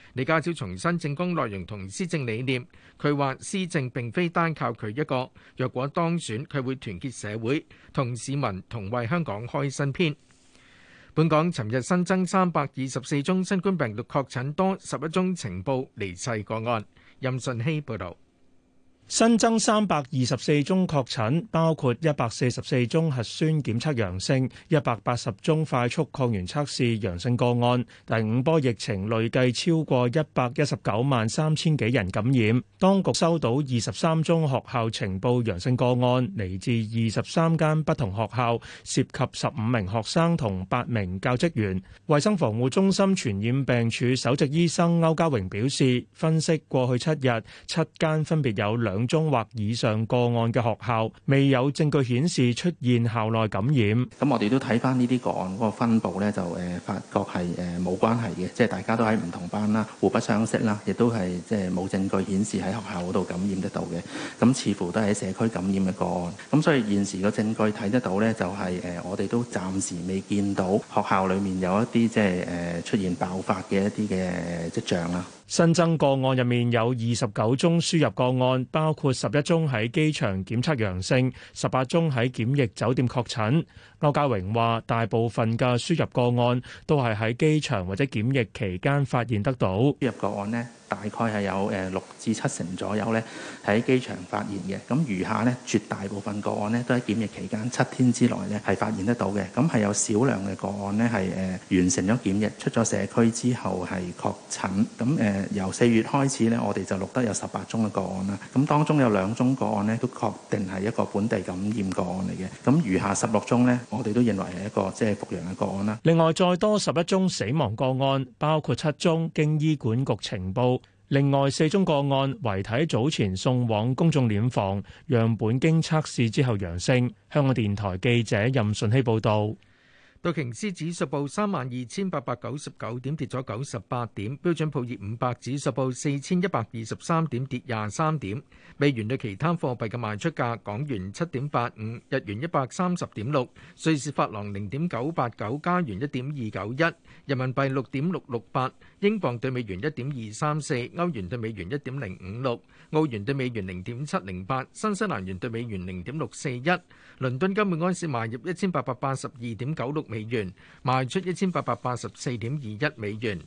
李家超重申政綱內容同施政理念，佢話施政並非單靠佢一個，若果當選，佢會團結社會同市民，同為香港開新篇。本港尋日新增三百二十四宗新冠病毒確診多，多十一宗情報離世個案。任信希報道。新增三百二十四宗確診，包括一百四十四宗核酸檢測陽性、一百八十宗快速抗原測試陽性個案。第五波疫情累計超過一百一十九萬三千幾人感染。當局收到二十三宗學校呈報陽性個案，嚟自二十三間不同學校，涉及十五名學生同八名教職員。衛生防護中心傳染病處首席醫生歐家榮表示，分析過去七日七間分別有兩。中或以上個案嘅學校，未有證據顯示出現校內感染。咁我哋都睇翻呢啲個案嗰個分布咧，就誒、呃、發覺係誒冇關係嘅，即係大家都喺唔同班啦，互不相識啦，亦都係即係冇證據顯示喺學校嗰度感染得到嘅。咁似乎都係喺社區感染嘅個案。咁所以現時個證據睇得到咧，就係、是、誒、呃、我哋都暫時未見到學校裏面有一啲即係誒、呃、出現爆發嘅一啲嘅跡象啦。新增個案入面有二十九宗輸入個案，包括十一宗喺機場檢測陽性，十八宗喺檢疫酒店確診。歐家榮話：大部分嘅輸入個案都係喺機場或者檢疫期間發現得到。輸入個案呢，大概係有誒六至七成左右咧，喺機場發現嘅。咁餘下咧，絕大部分個案咧都喺檢疫期間七天之內咧係發現得到嘅。咁係有少量嘅個案咧係誒完成咗檢疫，出咗社區之後係確診。咁誒由四月開始咧，我哋就錄得有十八宗嘅個案啦。咁當中有兩宗個案咧都確定係一個本地感染個案嚟嘅。咁餘下十六宗咧。我哋都認為係一個即係復陽嘅個案啦。另外再多十一宗死亡個案，包括七宗經醫管局呈報，另外四宗個案遺體早前送往公眾殮房，樣本經測試之後陽性。香港電台記者任順熙報導。道瓊斯指數報三萬二千八百九十九點，跌咗九十八點。標準普爾五百指數報四千一百二十三點，跌廿三點。美元對其他貨幣嘅賣出價：港元七點八五，日元一百三十點六，瑞士法郎零點九八九，加元一點二九一，人民幣六點六六八，英鎊對美元一點二三四，歐元對美元一點零五六，澳元對美元零點七零八，新西蘭元對美元零點六四一。倫敦金每安士賣入一千八百八十二點九六。1，美元賣出一千八百八十四點二一美元。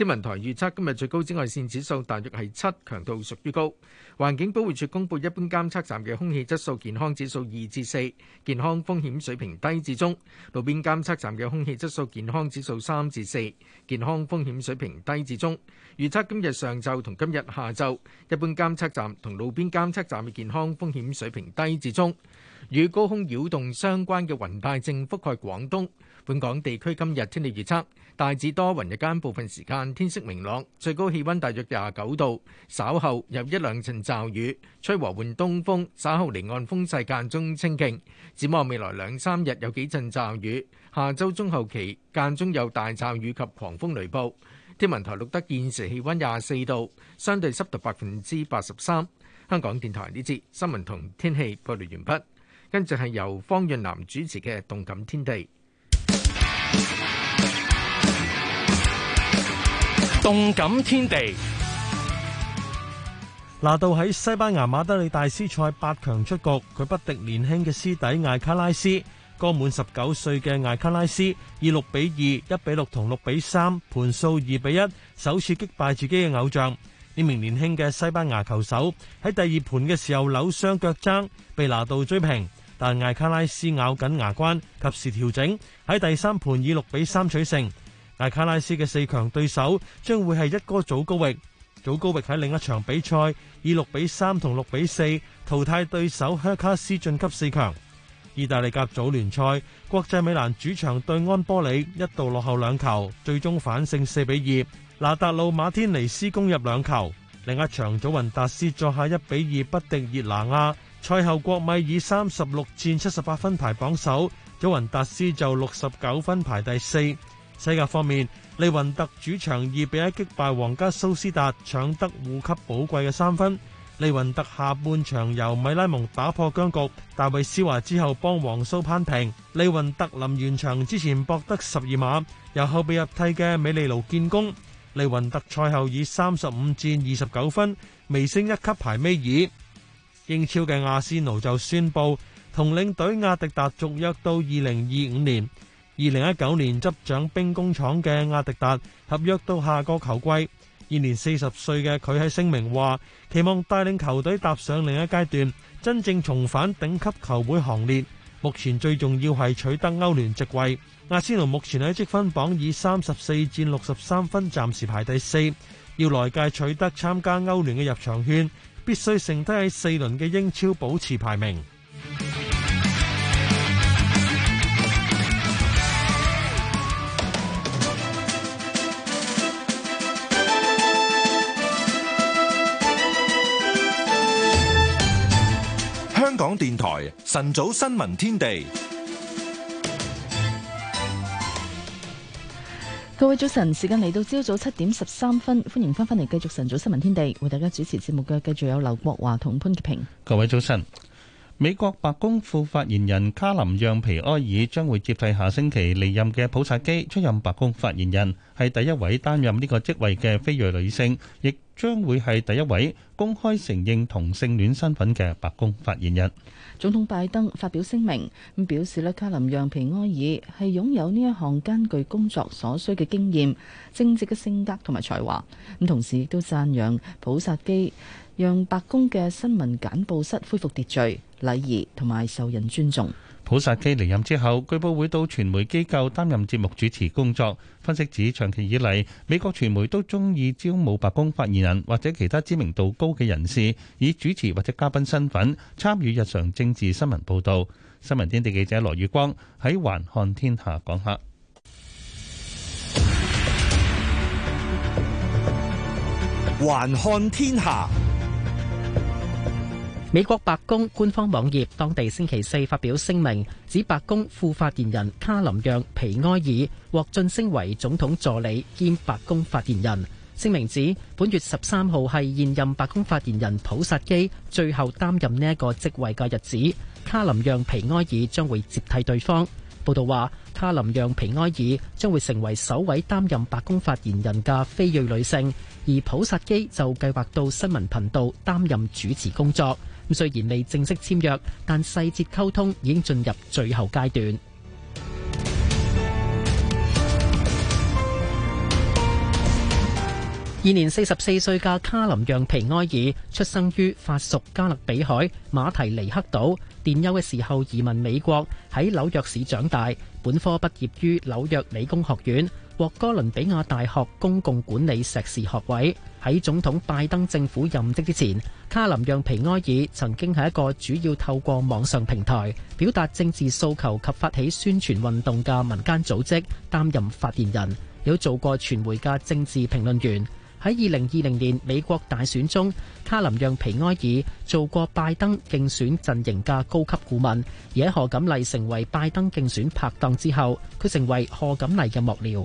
天文台預測今日最高紫外線指數大約係七，強度屬於高。環境保護署公布一般監測站嘅空氣質素健康指數二至四，健康風險水平低至中；路邊監測站嘅空氣質素健康指數三至四，健康風險水平低至中。預測今日上晝同今日下晝，一般監測站同路邊監測站嘅健康風險水平低至中。與高空擾動相關嘅雲帶正覆蓋廣東。本港地區今日天氣預測，大致多雲，日間部分時間天色明朗，最高氣溫大約廿九度。稍後有一兩陣驟雨，吹和緩東風。稍後離岸風勢間中清勁。展望未來兩三日有幾陣驟雨，下周中後期間中有大驟雨及狂風雷暴。天文台錄得現時氣溫廿四度，相對濕度百分之八十三。香港電台呢節新聞同天氣報道完畢，跟住係由方潤南主持嘅《動感天地》。動感天地，拿度喺西班牙馬德里大師賽八強出局，佢不敵年輕嘅師弟艾卡拉斯。剛滿十九歲嘅艾卡拉斯以六比二、一比六同六比三盤數二比一，首次擊敗自己嘅偶像。呢名年輕嘅西班牙球手喺第二盤嘅時候扭傷腳踭，被拿度追平，但艾卡拉斯咬緊牙關，及時調整，喺第三盤以六比三取勝。艾卡拉斯嘅四強對手將會係一哥，祖高域，祖高域喺另一場比賽以六比三同六比四淘汰對手赫卡斯晉級四強。意大利甲組聯賽，國際米蘭主場對安波里一度落後兩球，最終反勝四比二。拿達路馬天尼斯攻入兩球，另一場祖雲達斯作下一比二不敵熱那亞。賽後國米以三十六戰七十八分排榜首，祖雲達斯就六十九分排第四。西甲方面，利雲特主場二比一擊敗皇家蘇斯達，搶得護級寶貴嘅三分。利雲特下半場由米拉蒙打破僵局，大衛施華之後幫王蘇攀平。利雲特臨完場之前搏得十二碼，由後備入替嘅美利奴建功。利雲特賽後以三十五戰二十九分，微升一級排尾二。英超嘅阿仙奴就宣布同領隊阿迪達續約到二零二五年。二零一九年執掌兵工廠嘅阿迪達合約到下個球季，現年四十歲嘅佢喺聲明話，期望帶領球隊踏上另一階段，真正重返頂級球會行列。目前最重要係取得歐聯席位。阿仙奴目前喺積分榜以三十四至六十三分暫時排第四，要來屆取得參加歐聯嘅入場券，必須剩低喺四輪嘅英超保持排名。電台晨早新聞天地，各位早晨，時間嚟到朝早七點十三分，歡迎翻返嚟繼續晨早新聞天地，為大家主持節目嘅繼續有劉國華同潘潔平。各位早晨。美國白宮副發言人卡林讓皮埃爾將會接替下星期離任嘅普薩基出任白宮發言人，係第一位擔任呢個職位嘅非裔女性，亦將會係第一位公開承認同性戀身份嘅白宮發言人。總統拜登發表聲明咁表示咧，卡林讓皮埃爾係擁有呢一項艱巨工作所需嘅經驗、正直嘅性格同埋才華，咁同時亦都讚揚普薩基。讓白宮嘅新聞簡報室恢復秩序、禮儀同埋受人尊重。普薩基離任之後，據報會到傳媒機構擔任節目主持工作。分析指，長期以嚟，美國傳媒都中意招募白宮發言人或者其他知名度高嘅人士，以主持或者嘉賓身份參與日常政治新聞報道。新聞天地記者羅宇光喺《環看天下》講客。《環看天下》。美國白宮官方網頁當地星期四發表聲明，指白宮副發言人卡林讓皮埃爾獲晉升為總統助理兼白宮發言人。聲明指本月十三號係現任白宮發言人普薩基最後擔任呢一個職位嘅日子，卡林讓皮埃爾將會接替對方。報道話，卡林讓皮埃爾將會成為首位擔任白宮發言人嘅非裔女性，而普薩基就計劃到新聞頻道擔任主持工作。雖然未正式簽約，但細節溝通已經進入最後階段。 [music] 現年四十四歲嘅卡林讓皮埃爾出生於法屬加勒比海馬提尼克島，年幼嘅時候移民美國，喺紐約市長大，本科畢業於紐約理工學院。獲哥倫比亞大學公共管理碩士學位。喺總統拜登政府任職之前，卡林讓皮埃爾曾經係一個主要透過網上平台表達政治訴求及發起宣傳運動嘅民間組織擔任發言人，有做過傳媒嘅政治評論員。喺二零二零年美國大選中，卡林讓皮埃爾做過拜登競選陣營嘅高級顧問。而喺賀錦麗成為拜登競選拍檔之後，佢成為賀錦麗嘅幕僚。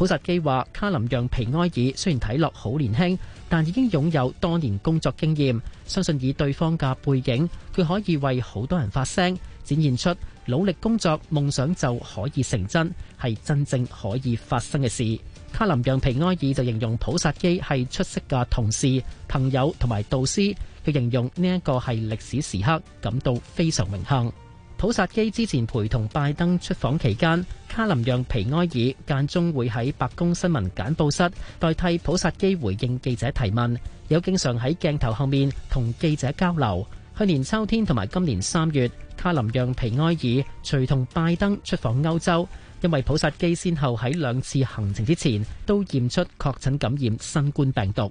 普薩基話：卡林讓皮埃爾雖然睇落好年輕，但已經擁有多年工作經驗，相信以對方嘅背景，佢可以為好多人發聲，展現出努力工作夢想就可以成真，係真正可以發生嘅事。卡林讓皮埃爾就形容普薩基係出色嘅同事、朋友同埋導師，佢形容呢一個係歷史時刻，感到非常榮幸。普薩基之前陪同拜登出訪期間，卡林讓皮埃爾間中會喺白宮新聞簡報室代替普薩基回應記者提問，有經常喺鏡頭後面同記者交流。去年秋天同埋今年三月，卡林讓皮埃爾隨同拜登出訪歐洲，因為普薩基先後喺兩次行程之前都驗出確診感染新冠病毒。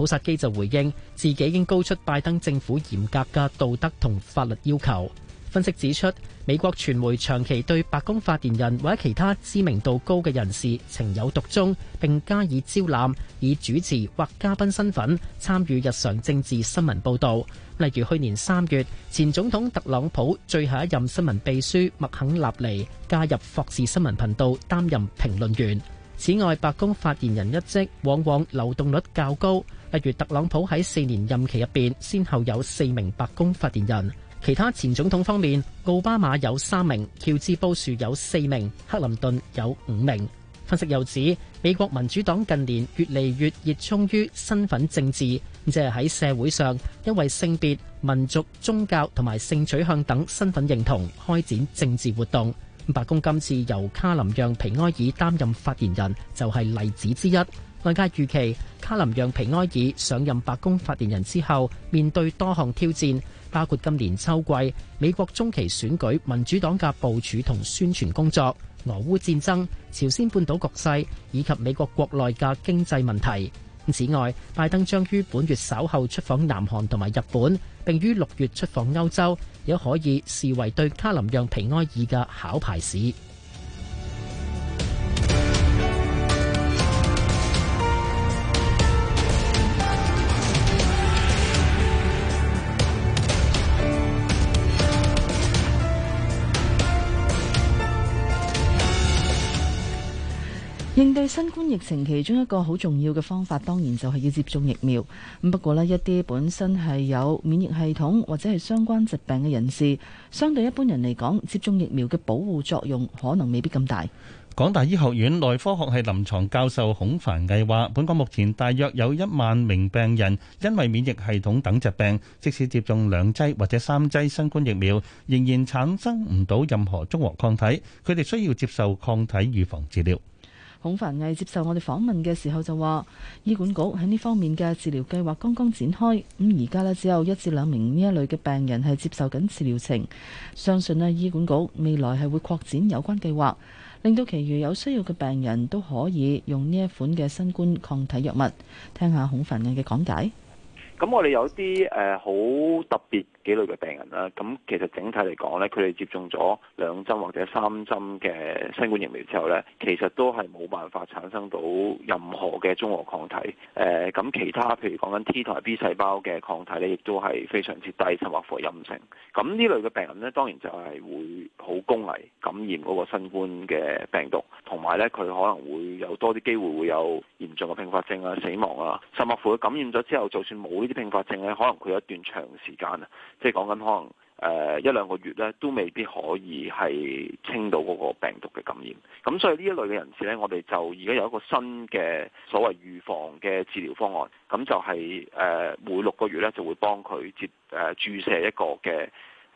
普薩基就回應自己已經高出拜登政府嚴格嘅道德同法律要求。分析指出，美國傳媒長期對白宮發言人或者其他知名度高嘅人士情有獨鍾，並加以招攬，以主持或嘉賓身份參與日常政治新聞報導。例如去年三月，前總統特朗普最後一任新聞秘書麥肯納尼加入霍士新聞頻道擔任評論員。此外，白宮發言人一職往往流動率較高，例如特朗普喺四年任期入邊先後有四名白宮發言人。其他前總統方面，奧巴馬有三名，喬治布殊有四名，克林頓有五名。分析又指美國民主黨近年越嚟越熱衷於身份政治，即係喺社會上因為性別、民族、宗教同埋性取向等身份認同開展政治活動。白宮今次由卡林讓皮埃爾擔任發言人，就係例子之一。外界預期卡林讓皮埃爾上任白宮發言人之後，面對多項挑戰，包括今年秋季美國中期選舉、民主黨嘅部署同宣傳工作、俄烏戰爭、朝鮮半島局勢以及美國國內嘅經濟問題。此外，拜登將於本月稍後出訪南韓同埋日本，并於六月出訪歐洲。也可以視為對卡林讓皮埃爾嘅考牌試。面對新冠疫情，其中一個好重要嘅方法當然就係要接種疫苗。咁不過呢一啲本身係有免疫系統或者係相關疾病嘅人士，相對一般人嚟講，接種疫苗嘅保護作用可能未必咁大。港大醫學院內科學系臨床教授孔凡毅話，本港目前大約有一萬名病人因為免疫系統等疾病，即使接種兩劑或者三劑新冠疫苗，仍然產生唔到任何中和抗體，佢哋需要接受抗體預防治療。孔繁毅接受我哋訪問嘅時候就話，醫管局喺呢方面嘅治療計劃剛剛展開，咁而家咧只有一至兩名呢一類嘅病人係接受緊治療程，相信咧醫管局未來係會擴展有關計劃，令到其餘有需要嘅病人都可以用呢一款嘅新冠抗體藥物。聽下孔繁毅嘅講解。咁我哋有啲誒好特別。幾類嘅病人啦，咁其實整體嚟講咧，佢哋接種咗兩針或者三針嘅新冠疫苗之後咧，其實都係冇辦法產生到任何嘅中和抗體。誒、呃，咁其他譬如講緊 T 同 B 細胞嘅抗體咧，亦都係非常之低，甚至乎陰性。咁呢類嘅病人咧，當然就係會好高危感染嗰個新冠嘅病毒，同埋咧佢可能會有多啲機會會有嚴重嘅併發症啊、死亡啊，甚或乎佢感染咗之後，就算冇呢啲併發症咧，可能佢有一段長時間啊。即係講緊可能誒一兩個月咧，都未必可以係清到嗰個病毒嘅感染。咁所以呢一類嘅人士咧，我哋就而家有一個新嘅所謂預防嘅治療方案，咁就係、是、誒、呃、每六個月咧就會幫佢接誒、呃、注射一個嘅誒、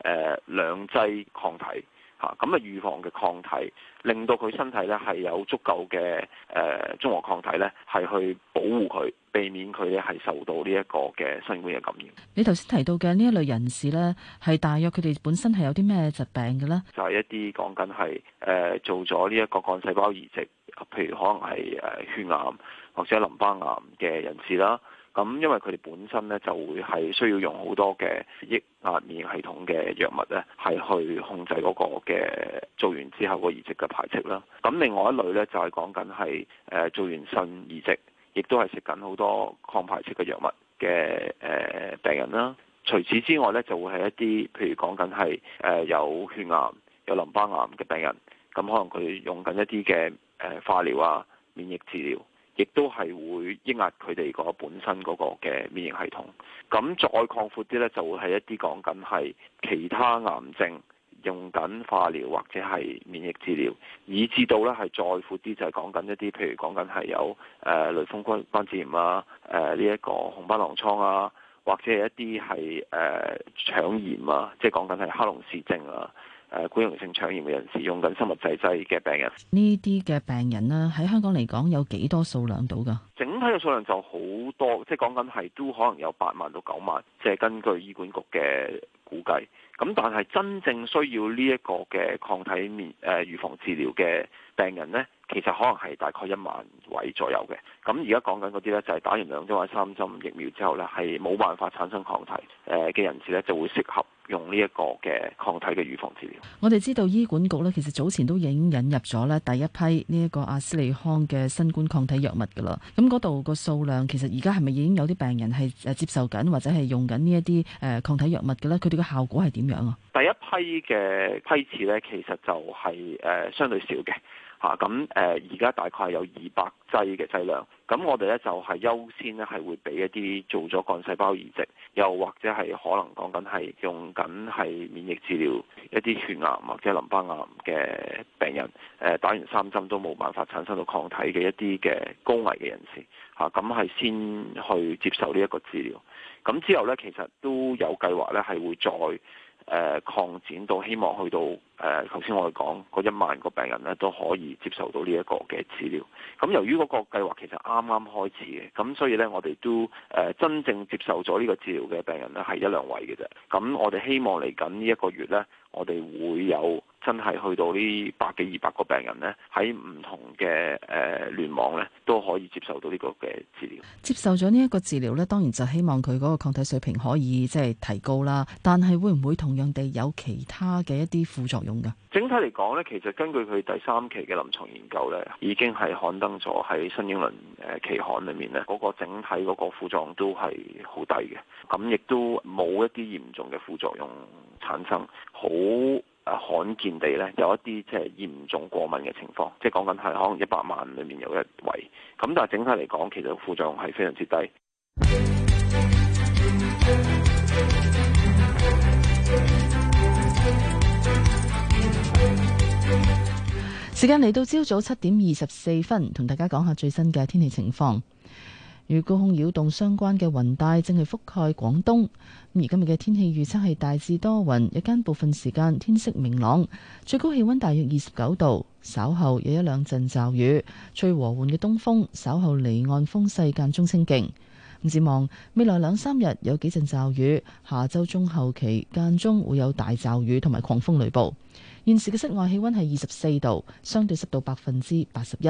呃、兩劑抗體。嚇咁啊！預防嘅抗體，令到佢身體咧係有足夠嘅誒中和抗體咧，係去保護佢，避免佢咧係受到呢一個嘅新冠嘅感染。你頭先提到嘅呢一類人士咧，係大約佢哋本身係有啲咩疾病嘅咧？就係一啲講緊係誒做咗呢一個幹細胞移植，譬如可能係誒血癌或者淋巴癌嘅人士啦。咁因為佢哋本身咧就會係需要用好多嘅抑壓免疫系統嘅藥物咧，係去控制嗰個嘅做完之後個移植嘅排斥啦。咁另外一類咧就係講緊係誒做完腎移植，亦都係食緊好多抗排斥嘅藥物嘅誒、呃、病人啦。除此之外咧就會係一啲譬如講緊係誒有血癌、有淋巴癌嘅病人，咁可能佢用緊一啲嘅誒化療啊、免疫治療。亦都係會抑壓佢哋個本身嗰個嘅免疫系統，咁再擴闊啲呢，就會係一啲講緊係其他癌症用緊化療或者係免疫治療，以至到呢，係再闊啲就係講緊一啲譬如講緊係有誒、呃、類風濕關節炎啊，誒呢一個紅斑狼瘡啊，或者係一啲係誒腸炎啊，即係講緊係克隆氏症啊。誒固有性腸炎嘅人士用緊生物製劑嘅病人，呢啲嘅病人呢，喺香港嚟講有幾多數量到㗎？整體嘅數量就好多，即係講緊係都可能有八萬到九萬，即係根據醫管局嘅估計。咁但係真正需要呢一個嘅抗體免，呃，預防治療嘅病人呢，其實可能係大概一萬位左右嘅。咁而家講緊嗰啲呢，就係打完兩針或者三針疫苗之後呢，係冇辦法產生抗體誒嘅人士呢，就會適合。用呢一個嘅抗體嘅預防治療，我哋知道醫管局呢，其實早前都已經引入咗咧第一批呢一個阿斯利康嘅新冠抗體藥物㗎喇。咁嗰度個數量，其實而家係咪已經有啲病人係誒接受緊或者係用緊呢一啲誒抗體藥物嘅咧？佢哋嘅效果係點樣啊？第一批嘅批次咧，其實就係誒相對少嘅。啊，咁誒，而家大概有二百劑嘅劑量，咁我哋咧就係優先咧係會俾一啲做咗幹細胞移植，又或者係可能講緊係用緊係免疫治療一啲血癌或者淋巴癌嘅病人，誒打完三針都冇辦法產生到抗體嘅一啲嘅高危嘅人士，嚇咁係先去接受呢一個治療，咁之後咧其實都有計劃咧係會再。誒、呃、擴展到希望去到誒頭先我哋講嗰一萬個病人咧都可以接受到呢一個嘅治療。咁由於嗰個計劃其實啱啱開始嘅，咁所以呢，我哋都誒、呃、真正接受咗呢個治療嘅病人咧係一兩位嘅啫。咁我哋希望嚟緊呢一個月呢，我哋會有。真係去到呢百幾二百個病人呢，喺唔同嘅誒聯網呢都可以接受到呢個嘅治療。接受咗呢一個治療呢，當然就希望佢嗰個抗體水平可以即係提高啦。但係會唔會同樣地有其他嘅一啲副作用㗎？整體嚟講呢，其實根據佢第三期嘅臨床研究呢，已經係刊登咗喺新英倫誒期刊裏面呢，嗰個整體嗰個副作用都係好低嘅。咁亦都冇一啲嚴重嘅副作用產生，好。啊、罕見地咧，有一啲即係嚴重過敏嘅情況，即係講緊係可能一百萬裏面有一位。咁但係整體嚟講，其實副作用係非常之低。時間嚟到朝早七點二十四分，同大家講下最新嘅天氣情況。與高空擾動相關嘅雲帶正係覆蓋廣東，而今日嘅天氣預測係大致多雲，日間部分時間天色明朗，最高氣温大約二十九度，稍後有一兩陣驟雨，吹和緩嘅東風，稍後離岸風勢間中清勁。展望未來兩三日有幾陣驟雨，下周中後期間中會有大驟雨同埋狂風雷暴。現時嘅室外氣温係二十四度，相對濕度百分之八十一。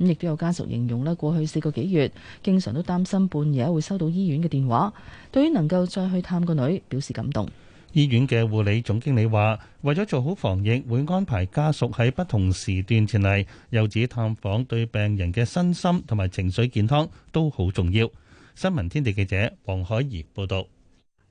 咁亦都有家屬形容啦，過去四個幾月，經常都擔心半夜會收到醫院嘅電話。對於能夠再去探個女，表示感動。醫院嘅護理總經理話，為咗做好防疫，會安排家屬喺不同時段前嚟，又指探訪，對病人嘅身心同埋情緒健康都好重要。新聞天地記者黃海怡報道。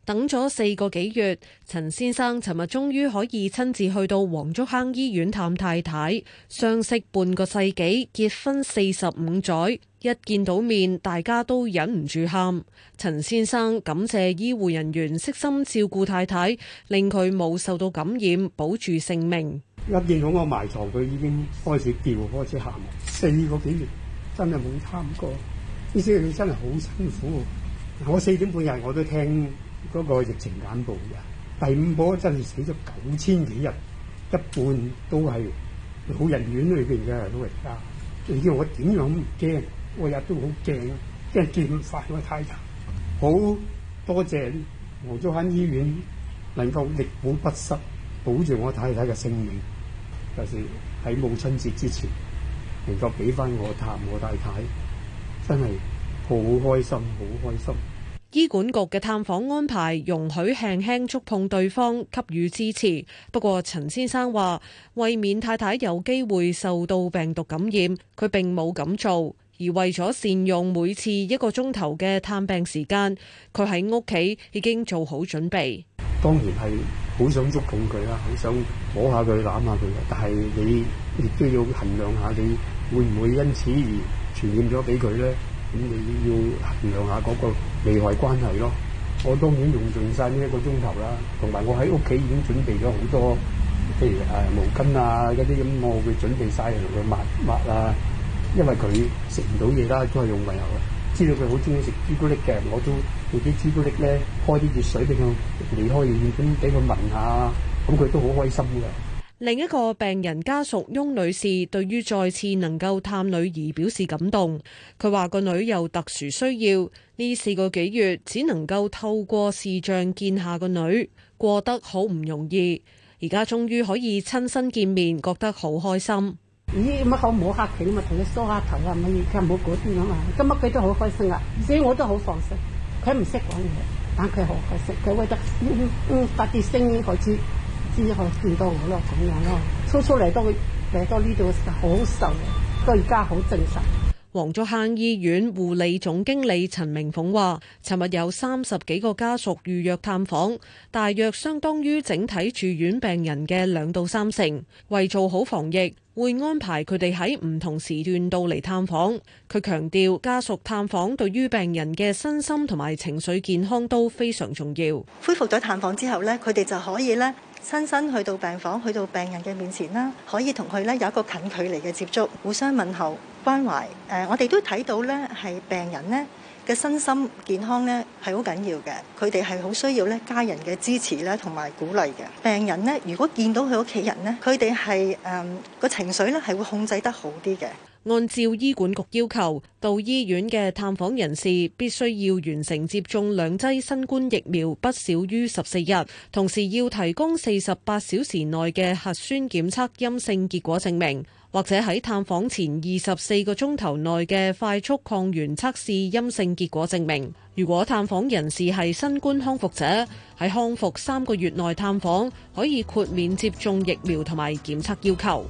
等咗四個幾月，陳先生尋日終於可以親自去到黃竹坑醫院探太太。相識半個世紀，結婚四十五載，一見到面，大家都忍唔住喊。陳先生感謝醫護人員悉心照顧太太，令佢冇受到感染，保住性命。一見到我埋床，佢已經開始叫，開始喊。四個幾月真係冇探過，呢啲嘢真係好辛苦。我四點半入我都聽。嗰個疫情簡報嘅，第五波真係死咗九千幾人，一半都係老人院裏邊嘅老人家。你叫我點樣都唔驚，我日都好驚，驚見唔返我、啊、太太。好多謝黃竹坑醫院能夠力保不失，保住我太太嘅性命，就係喺母親節之前能夠俾翻我探我太太，真係好開心，好開心。醫管局嘅探訪安排容許輕輕觸碰對方，給予支持。不過陳先生話，為免太太有機會受到病毒感染，佢並冇咁做。而為咗善用每次一個鐘頭嘅探病時間，佢喺屋企已經做好準備。當然係好想觸碰佢啦，好想摸下佢，攬下佢，但係你亦都要衡量下你會唔會因此而傳染咗俾佢呢？咁、嗯、你要衡量下嗰個利害關係咯。我當然用盡晒呢一個鐘頭啦，同埋我喺屋企已經準備咗好多，譬如誒、啊、毛巾啊，嗰啲咁，我會準備晒嚟同佢抹抹啊。因為佢食唔到嘢啦，都係用胃喉。知道佢好中意食朱古力嘅，我都用啲朱古力咧，開啲熱水俾佢離開熱，咁俾佢聞下，咁、嗯、佢都好開心嘅。另一個病人家屬翁女士對於再次能夠探女兒表示感動。佢話個女有特殊需要，呢四個幾月只能夠透過視像見下個女，過得好唔容易。而家終於可以親身見面，覺得好開心。咦乜好唔好吓佢啊嘛，同佢梳下頭啊，咪佢又冇嗰啲啊嘛，今乜佢都好開心啊，所以我都好放心。佢唔識講嘢，但佢好開心，佢為得嗯，發啲聲音好似……之後見到我咯，咁樣咯，初初嚟都嚟到呢度嘅時候，好瘦，到而家好正常。黃竹坑醫院護理總經理陳明鳳話，尋日有三十幾個家屬預約探訪，大約相當於整體住院病人嘅兩到三成。為做好防疫，會安排佢哋喺唔同時段到嚟探訪。佢強調，家屬探訪對於病人嘅身心同埋情緒健康都非常重要。恢復咗探訪之後呢，佢哋就可以呢。親身，身去到病房，去到病人嘅面前啦，可以同佢咧有一個近距離嘅接觸，互相問候關懷誒、呃，我哋都睇到咧，係病人咧嘅身心健康咧係好緊要嘅，佢哋係好需要咧家人嘅支持咧同埋鼓勵嘅。病人咧如果見到佢屋企人咧，佢哋係誒個情緒咧係會控制得好啲嘅。按照醫管局要求，到醫院嘅探訪人士必須要完成接種兩劑新冠疫苗，不少於十四日，同時要提供四十八小時內嘅核酸檢測陰性結果證明，或者喺探訪前二十四個鐘頭內嘅快速抗原測試陰性結果證明。如果探訪人士係新冠康復者，喺康復三個月內探訪，可以豁免接種疫苗同埋檢測要求。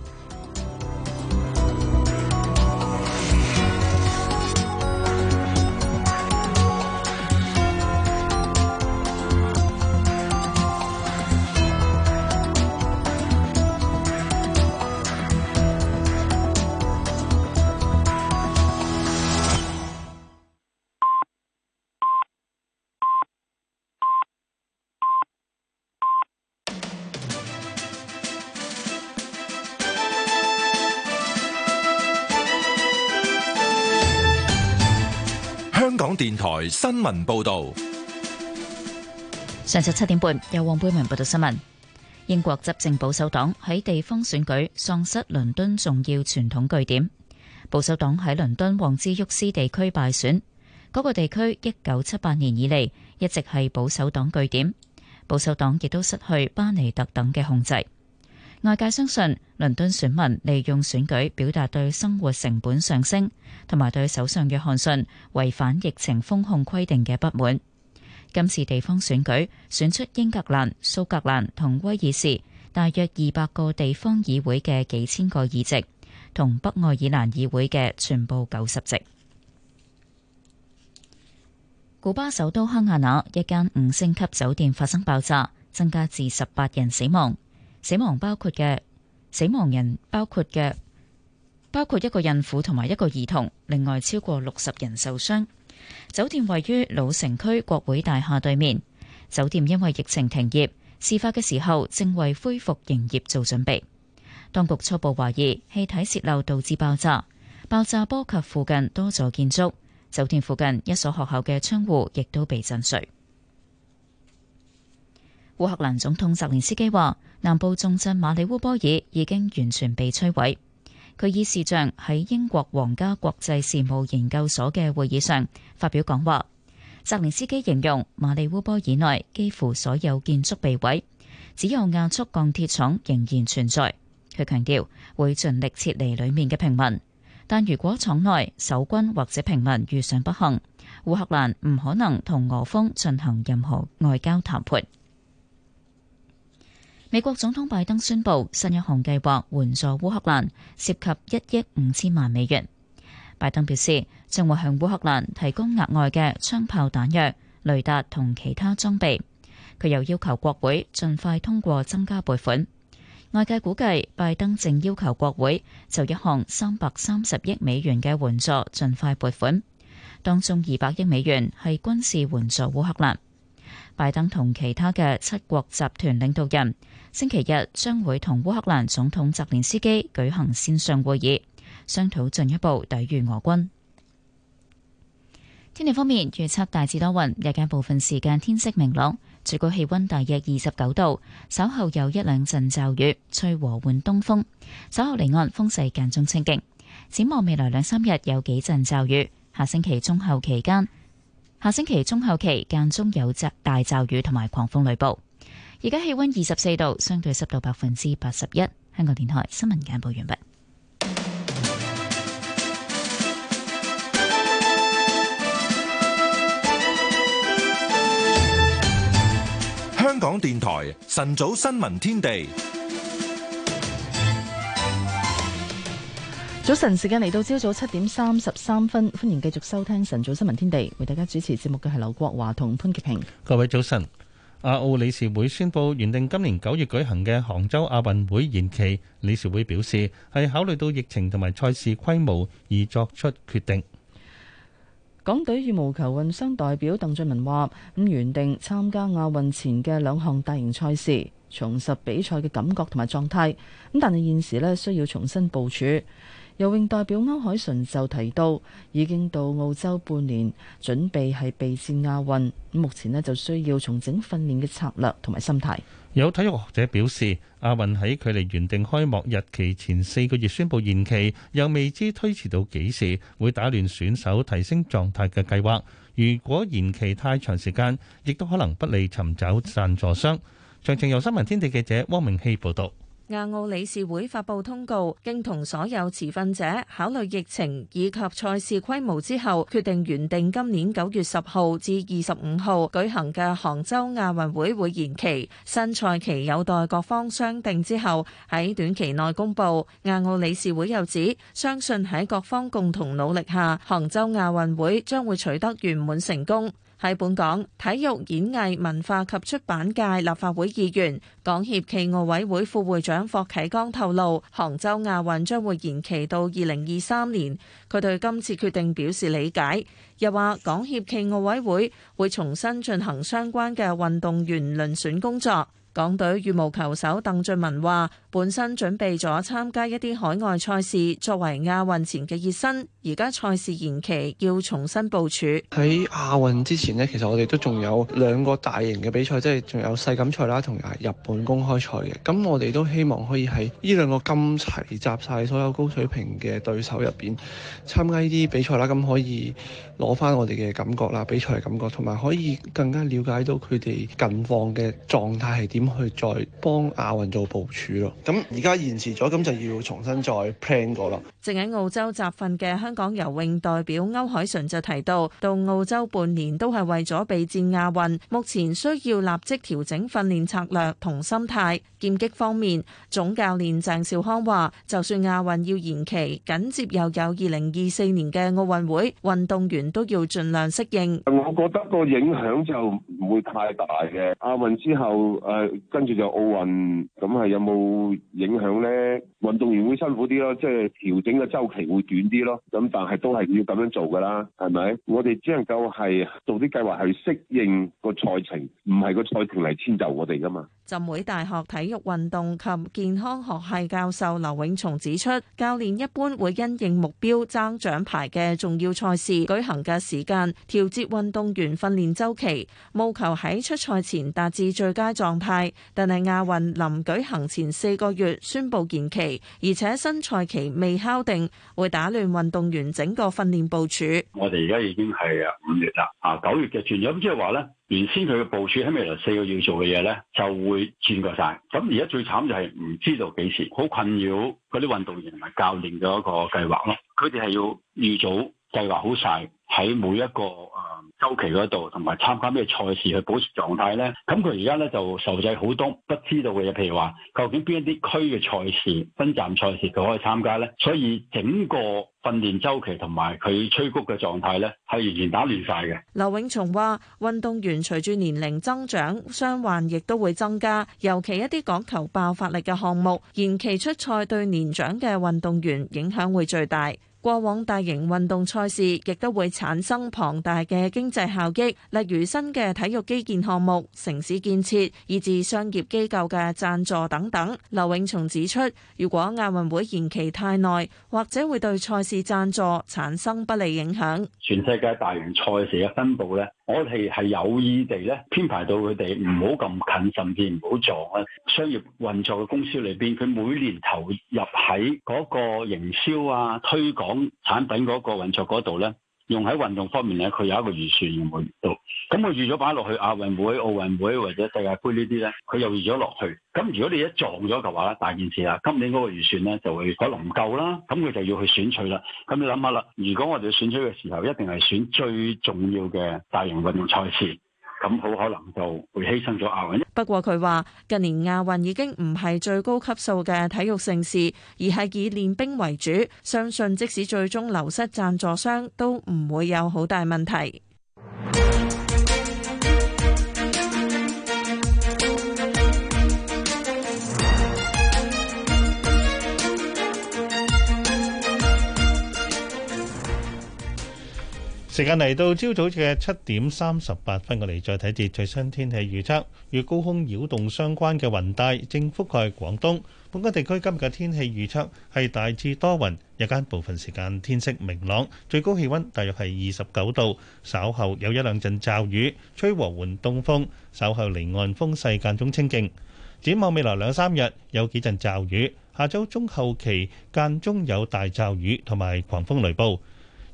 電台新聞報道：上晝七點半，有黃貝文報道新聞。英國執政保守黨喺地方選舉喪失倫敦重要傳統據點，保守黨喺倫敦旺茲沃斯地區敗選。嗰個地區一九七八年以嚟一直係保守黨據點，保守黨亦都失去巴尼特等嘅控制。外界相信，倫敦選民利用選舉表達對生活成本上升同埋對首相約翰遜違反疫情封控規定嘅不滿。今次地方選舉選出英格蘭蘇格蘭同威爾士大約二百個地方議會嘅幾千個議席，同北愛爾蘭議會嘅全部九十席。古巴首都哈瓦那一間五星級酒店發生爆炸，增加至十八人死亡。死亡包括嘅死亡人包括嘅，包括一個孕婦同埋一個兒童，另外超過六十人受傷。酒店位於老城區國會大廈對面。酒店因為疫情停業，事發嘅時候正為恢復營業做準備。當局初步懷疑氣體泄漏導致爆炸，爆炸波及附近多座建築，酒店附近一所學校嘅窗戶亦都被震碎。烏克蘭總統澤連斯基話，南部重鎮馬里烏波爾已經完全被摧毀。佢以視像喺英國皇家國際事務研究所嘅會議上發表講話。澤連斯基形容馬里烏波爾內幾乎所有建築被毀，只有亞速鋼鐵廠仍然存在。佢強調會盡力撤離裏面嘅平民，但如果廠內守軍或者平民遇上不幸，烏克蘭唔可能同俄方進行任何外交談判。美國總統拜登宣布新一項計劃援助烏克蘭，涉及一億五千萬美元。拜登表示，將會向烏克蘭提供額外嘅槍炮彈藥、雷達同其他裝備。佢又要求國會盡快通過增加撥款。外界估計，拜登正要求國會就一項三百三十億美元嘅援助盡快撥款，當中二百億美元係軍事援助烏克蘭。拜登同其他嘅七國集團領導人，星期日將會同烏克蘭總統澤連斯基舉行線上會議，商討進一步抵禦俄軍。天氣方面，預測大致多雲，日間部分時間天色明朗，最高氣温大約二十九度。稍後有一兩陣驟雨，吹和緩東風。稍後離岸風勢間中清勁。展望未來兩三日有幾陣驟雨，下星期中後期間，下星期中後期間中有隻大驟雨同埋狂風雷暴。而家氣溫二十四度，相對濕度百分之八十一。香港電台新聞簡報完畢。香港電台晨早新聞天地，早晨時間嚟到朝早七點三十三分，歡迎繼續收聽晨早新聞天地，為大家主持節目嘅係劉國華同潘潔平。各位早晨。亞奧理事會宣布原定今年九月舉行嘅杭州亞運會延期。理事會表示係考慮到疫情同埋賽事規模而作出決定。港隊羽毛球運商代表鄧俊文話，咁原定參加亞運前嘅兩項大型賽事，重拾比賽嘅感覺同埋狀態。咁但係現時呢需要重新部署。游泳代表歐海純就提到，已經到澳洲半年，準備係備戰亞運。目前呢就需要重整訓練嘅策略同埋心態。有體育學者表示，亞運喺距離原定開幕日期前四個月宣布延期，又未知推遲到幾時，會打亂選手提升狀態嘅計劃。如果延期太長時間，亦都可能不利尋找贊助商。詳情由新聞天地記者汪明希報道。亞奧理事會發布通告，經同所有持份者考慮疫情以及賽事規模之後，決定原定今年九月十號至二十五號舉行嘅杭州亞運會會延期，新賽期有待各方商定之後喺短期內公布。亞奧理事會又指，相信喺各方共同努力下，杭州亞運會將會取得圓滿成功。喺本港，體育演藝文化及出版界立法會議員、港協暨奧委會副會長霍啟剛透露，杭州亞運將會延期到二零二三年。佢對今次決定表示理解，又話港協暨奧委會會，會重新進行相關嘅運動員遴選工作。港隊羽毛球手鄧俊文話：本身準備咗參加一啲海外賽事，作為亞運前嘅熱身。而家賽事延期，要重新部署。喺亞運之前咧，其實我哋都仲有兩個大型嘅比賽，即係仲有世錦賽啦，同埋日本公開賽嘅。咁我哋都希望可以喺呢兩個咁齊集晒所有高水平嘅對手入邊參加呢啲比賽啦，咁可以攞翻我哋嘅感覺啦，比賽嘅感覺，同埋可以更加了解到佢哋近況嘅狀態係點。咁去再幫亞運做部署咯。咁而家延遲咗，咁就要重新再 plan 過啦。正喺澳洲集訓嘅香港游泳代表歐海純就提到，到澳洲半年都係為咗備戰亞運，目前需要立即調整訓練策略同心態。劍擊方面，總教練鄭少康話，就算亞運要延期，緊接又有二零二四年嘅奧運會，運動員都要盡量適應。我覺得個影響就唔會太大嘅。亞運之後誒。跟住就奧運，咁係有冇影響咧？運動員會辛苦啲咯，即係調整嘅周期會短啲咯。咁但係都係要咁樣做噶啦，係咪？我哋只能夠係做啲計劃去適應個賽程，唔係個賽程嚟遷就我哋噶嘛。浸會大學體育運動及健康學系教授劉永松指出，教練一般會因應目標爭獎牌嘅重要賽事舉行嘅時間，調節運動員訓練周期，務求喺出賽前達至最佳狀態。但係亞運臨舉行前四個月宣布延期，而且新賽期未敲定，會打亂運動員整個訓練部署。我哋而家已經係五月啦，啊九月嘅轉咗咁，即係話咧，原先佢嘅部署喺未來四個月做嘅嘢咧，就會轉過晒。咁而家最慘就係唔知道幾時，好困擾嗰啲運動員同埋教練嘅一個計劃咯。佢哋係要預早。計劃好晒喺每一個誒週期嗰度，同埋參加咩賽事去保持狀態呢，咁佢而家咧，就受制好多不知道嘅嘢，譬如話究竟邊一啲區嘅賽事，分站賽事佢可以參加呢？所以整個訓練週期同埋佢催谷嘅狀態呢，係完全打亂晒嘅。劉永松話，運動員隨住年齡增長，傷患亦都會增加，尤其一啲講求爆發力嘅項目，延期出賽對年長嘅運動員影響會最大。過往大型運動賽事亦都會產生龐大嘅經濟效益，例如新嘅體育基建項目、城市建設，以至商業機構嘅贊助等等。劉永松指出，如果亞運會延期太耐，或者會對賽事贊助產生不利影響。全世界大型賽事嘅分布呢。我哋係有意地咧編排到佢哋唔好咁近，甚至唔好撞啊！商業運作嘅公司裏邊，佢每年投入喺嗰個營銷啊、推廣產品嗰個運作嗰度咧。用喺運動方面咧，佢有一個預算用喺度。咁佢預咗擺落去亞運會、奧運會或者世界盃呢啲咧，佢又預咗落去。咁如果你一撞咗嘅話咧，大件事啦，今年嗰個預算咧就會可能唔夠啦。咁佢就要去選取啦。咁你諗下啦，如果我哋選取嘅時候，一定係選最重要嘅大型運動賽事。咁好可能就會犧牲咗亞運。不過佢話，近年亞運已經唔係最高級數嘅體育盛事，而係以練兵為主。相信即使最終流失贊助商，都唔會有好大問題。時間嚟到朝早嘅七點三十八分，我哋再睇下最新天氣預測。與高空擾動相關嘅雲帶正覆蓋廣東。本港地區今日嘅天氣預測係大致多雲，日間部分時間天色明朗，最高氣溫大約係二十九度。稍後有一兩陣驟雨，吹和緩東風。稍後離岸風勢間中清勁。展望未來兩三日有幾陣驟雨，下周中後期間中有大驟雨同埋狂風雷暴。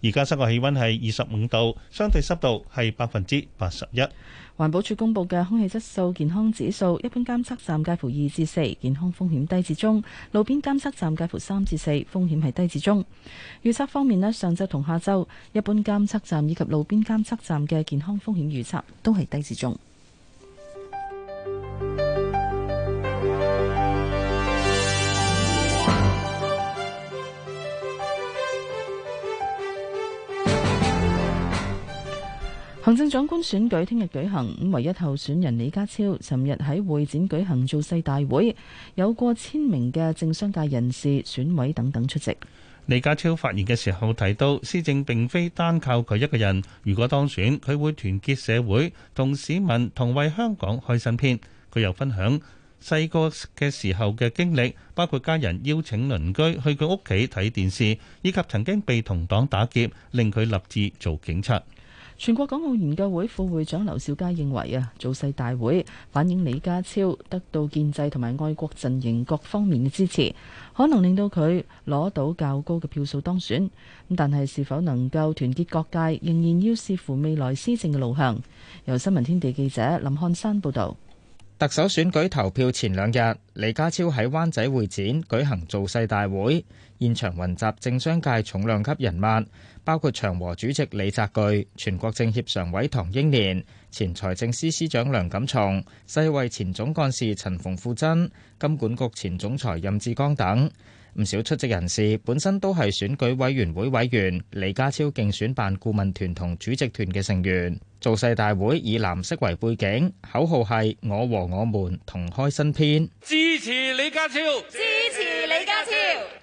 而家室外氣溫係二十五度，相對濕度係百分之八十一。環保署公布嘅空氣質素健康指數，一般監測站介乎二至四，健康風險低至中；路邊監測站介乎三至四，風險係低至中。預測方面呢，上晝同下晝，一般監測站以及路邊監測站嘅健康風險預測都係低至中。行政長官選舉聽日舉行，咁唯一候選人李家超，尋日喺會展舉行造勢大會，有過千名嘅政商界人士、選委等等出席。李家超發言嘅時候提到，施政並非單靠佢一個人。如果當選，佢會團結社會同市民，同為香港開新篇。佢又分享細個嘅時候嘅經歷，包括家人邀請鄰居去佢屋企睇電視，以及曾經被童黨打劫，令佢立志做警察。全國港澳研究會副會長劉兆佳認為啊，造勢大會反映李家超得到建制同埋愛國陣營各方面嘅支持，可能令到佢攞到較高嘅票數當選。咁但係是，是否能夠團結各界，仍然要視乎未來施政嘅路向。由新聞天地記者林漢山報道。特首選舉投票前兩日，李家超喺灣仔會展舉行造勢大會，現場雲集政商界重量級人物，包括長和主席李澤鉅、全國政協常委唐英年、前財政司司司長梁錦松、世衛前總幹事陳馮富珍、金管局前總裁任志剛等。唔少出席人士本身都係選舉委員會委員，李家超競選辦顧問團同主席團嘅成員。造勢大會以藍色為背景，口號係我和我們同開新篇，支持李家超，支持李家超，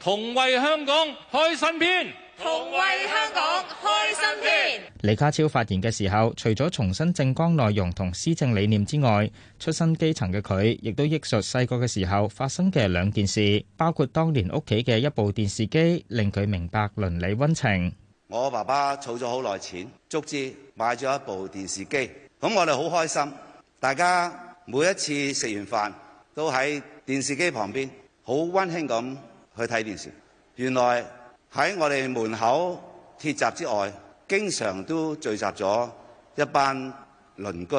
同為香港開新篇。同為香港開新篇。李家超發言嘅時候，除咗重申政綱內容同施政理念之外，出身基層嘅佢，亦都憶述細個嘅時候發生嘅兩件事，包括當年屋企嘅一部電視機，令佢明白鄰里温情。我爸爸儲咗好耐錢，卒之買咗一部電視機，咁我哋好開心，大家每一次食完飯都喺電視機旁邊，好温馨咁去睇電視。原來。喺我哋門口鐵閘之外，經常都聚集咗一班鄰居。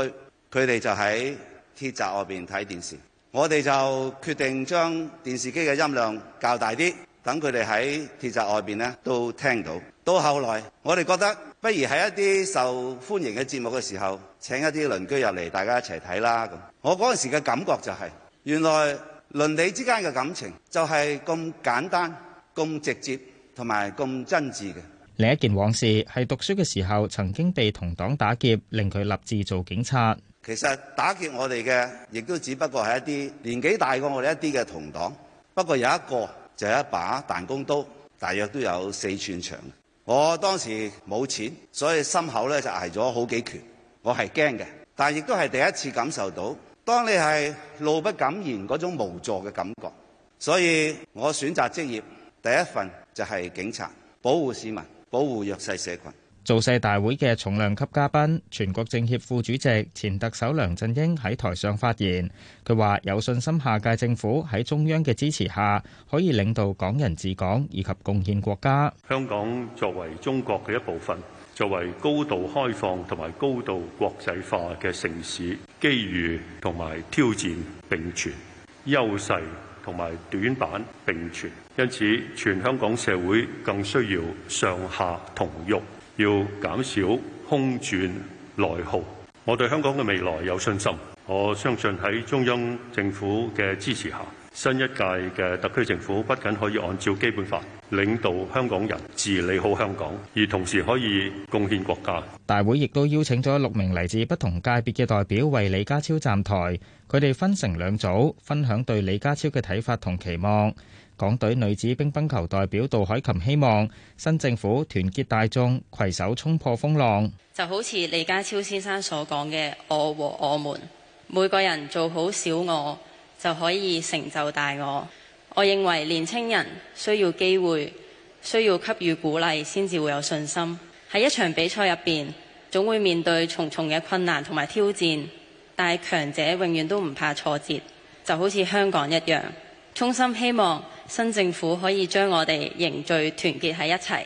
佢哋就喺鐵閘外面睇電視。我哋就決定將電視機嘅音量較大啲，等佢哋喺鐵閘外面都聽到。到後來，我哋覺得不如喺一啲受歡迎嘅節目嘅時候，請一啲鄰居入嚟，大家一齊睇啦。我嗰陣時嘅感覺就係，原來鄰里之間嘅感情就係咁簡單、咁直接。同埋咁真摯嘅另一件往事係讀書嘅時候，曾經被同黨打劫，令佢立志做警察。其實打劫我哋嘅，亦都只不過係一啲年紀大過我哋一啲嘅同黨，不過有一個就係一把彈弓刀，大約都有四寸長，我當時冇錢，所以心口咧就挨咗好幾拳。我係驚嘅，但亦都係第一次感受到，當你係怒不敢言嗰種無助嘅感覺，所以我選擇職業第一份。就係警察保護市民、保護弱勢社群。造勢大會嘅重量級嘉賓、全國政協副主席、前特首梁振英喺台上發言，佢話有信心下屆政府喺中央嘅支持下，可以領導港人治港以及貢獻國家。香港作為中國嘅一部分，作為高度開放同埋高度國際化嘅城市，機遇同埋挑戰並存，優勢，同埋短板並存，因此全香港社會更需要上下同欲，要減少空轉內耗。我對香港嘅未來有信心，我相信喺中央政府嘅支持下，新一屆嘅特區政府不僅可以按照基本法。領導香港人治理好香港，而同時可以貢獻國家。大會亦都邀請咗六名嚟自不同界別嘅代表為李家超站台，佢哋分成兩組，分享對李家超嘅睇法同期望。港隊女子乒乓球代表杜海琴希望新政府團結大眾，攜手衝破風浪。就好似李家超先生所講嘅，我和我們每個人做好小我，就可以成就大我。我認為年輕人需要機會，需要給予鼓勵，先至會有信心。喺一場比賽入邊，總會面對重重嘅困難同埋挑戰，但係強者永遠都唔怕挫折，就好似香港一樣。衷心希望新政府可以將我哋凝聚團結喺一齊。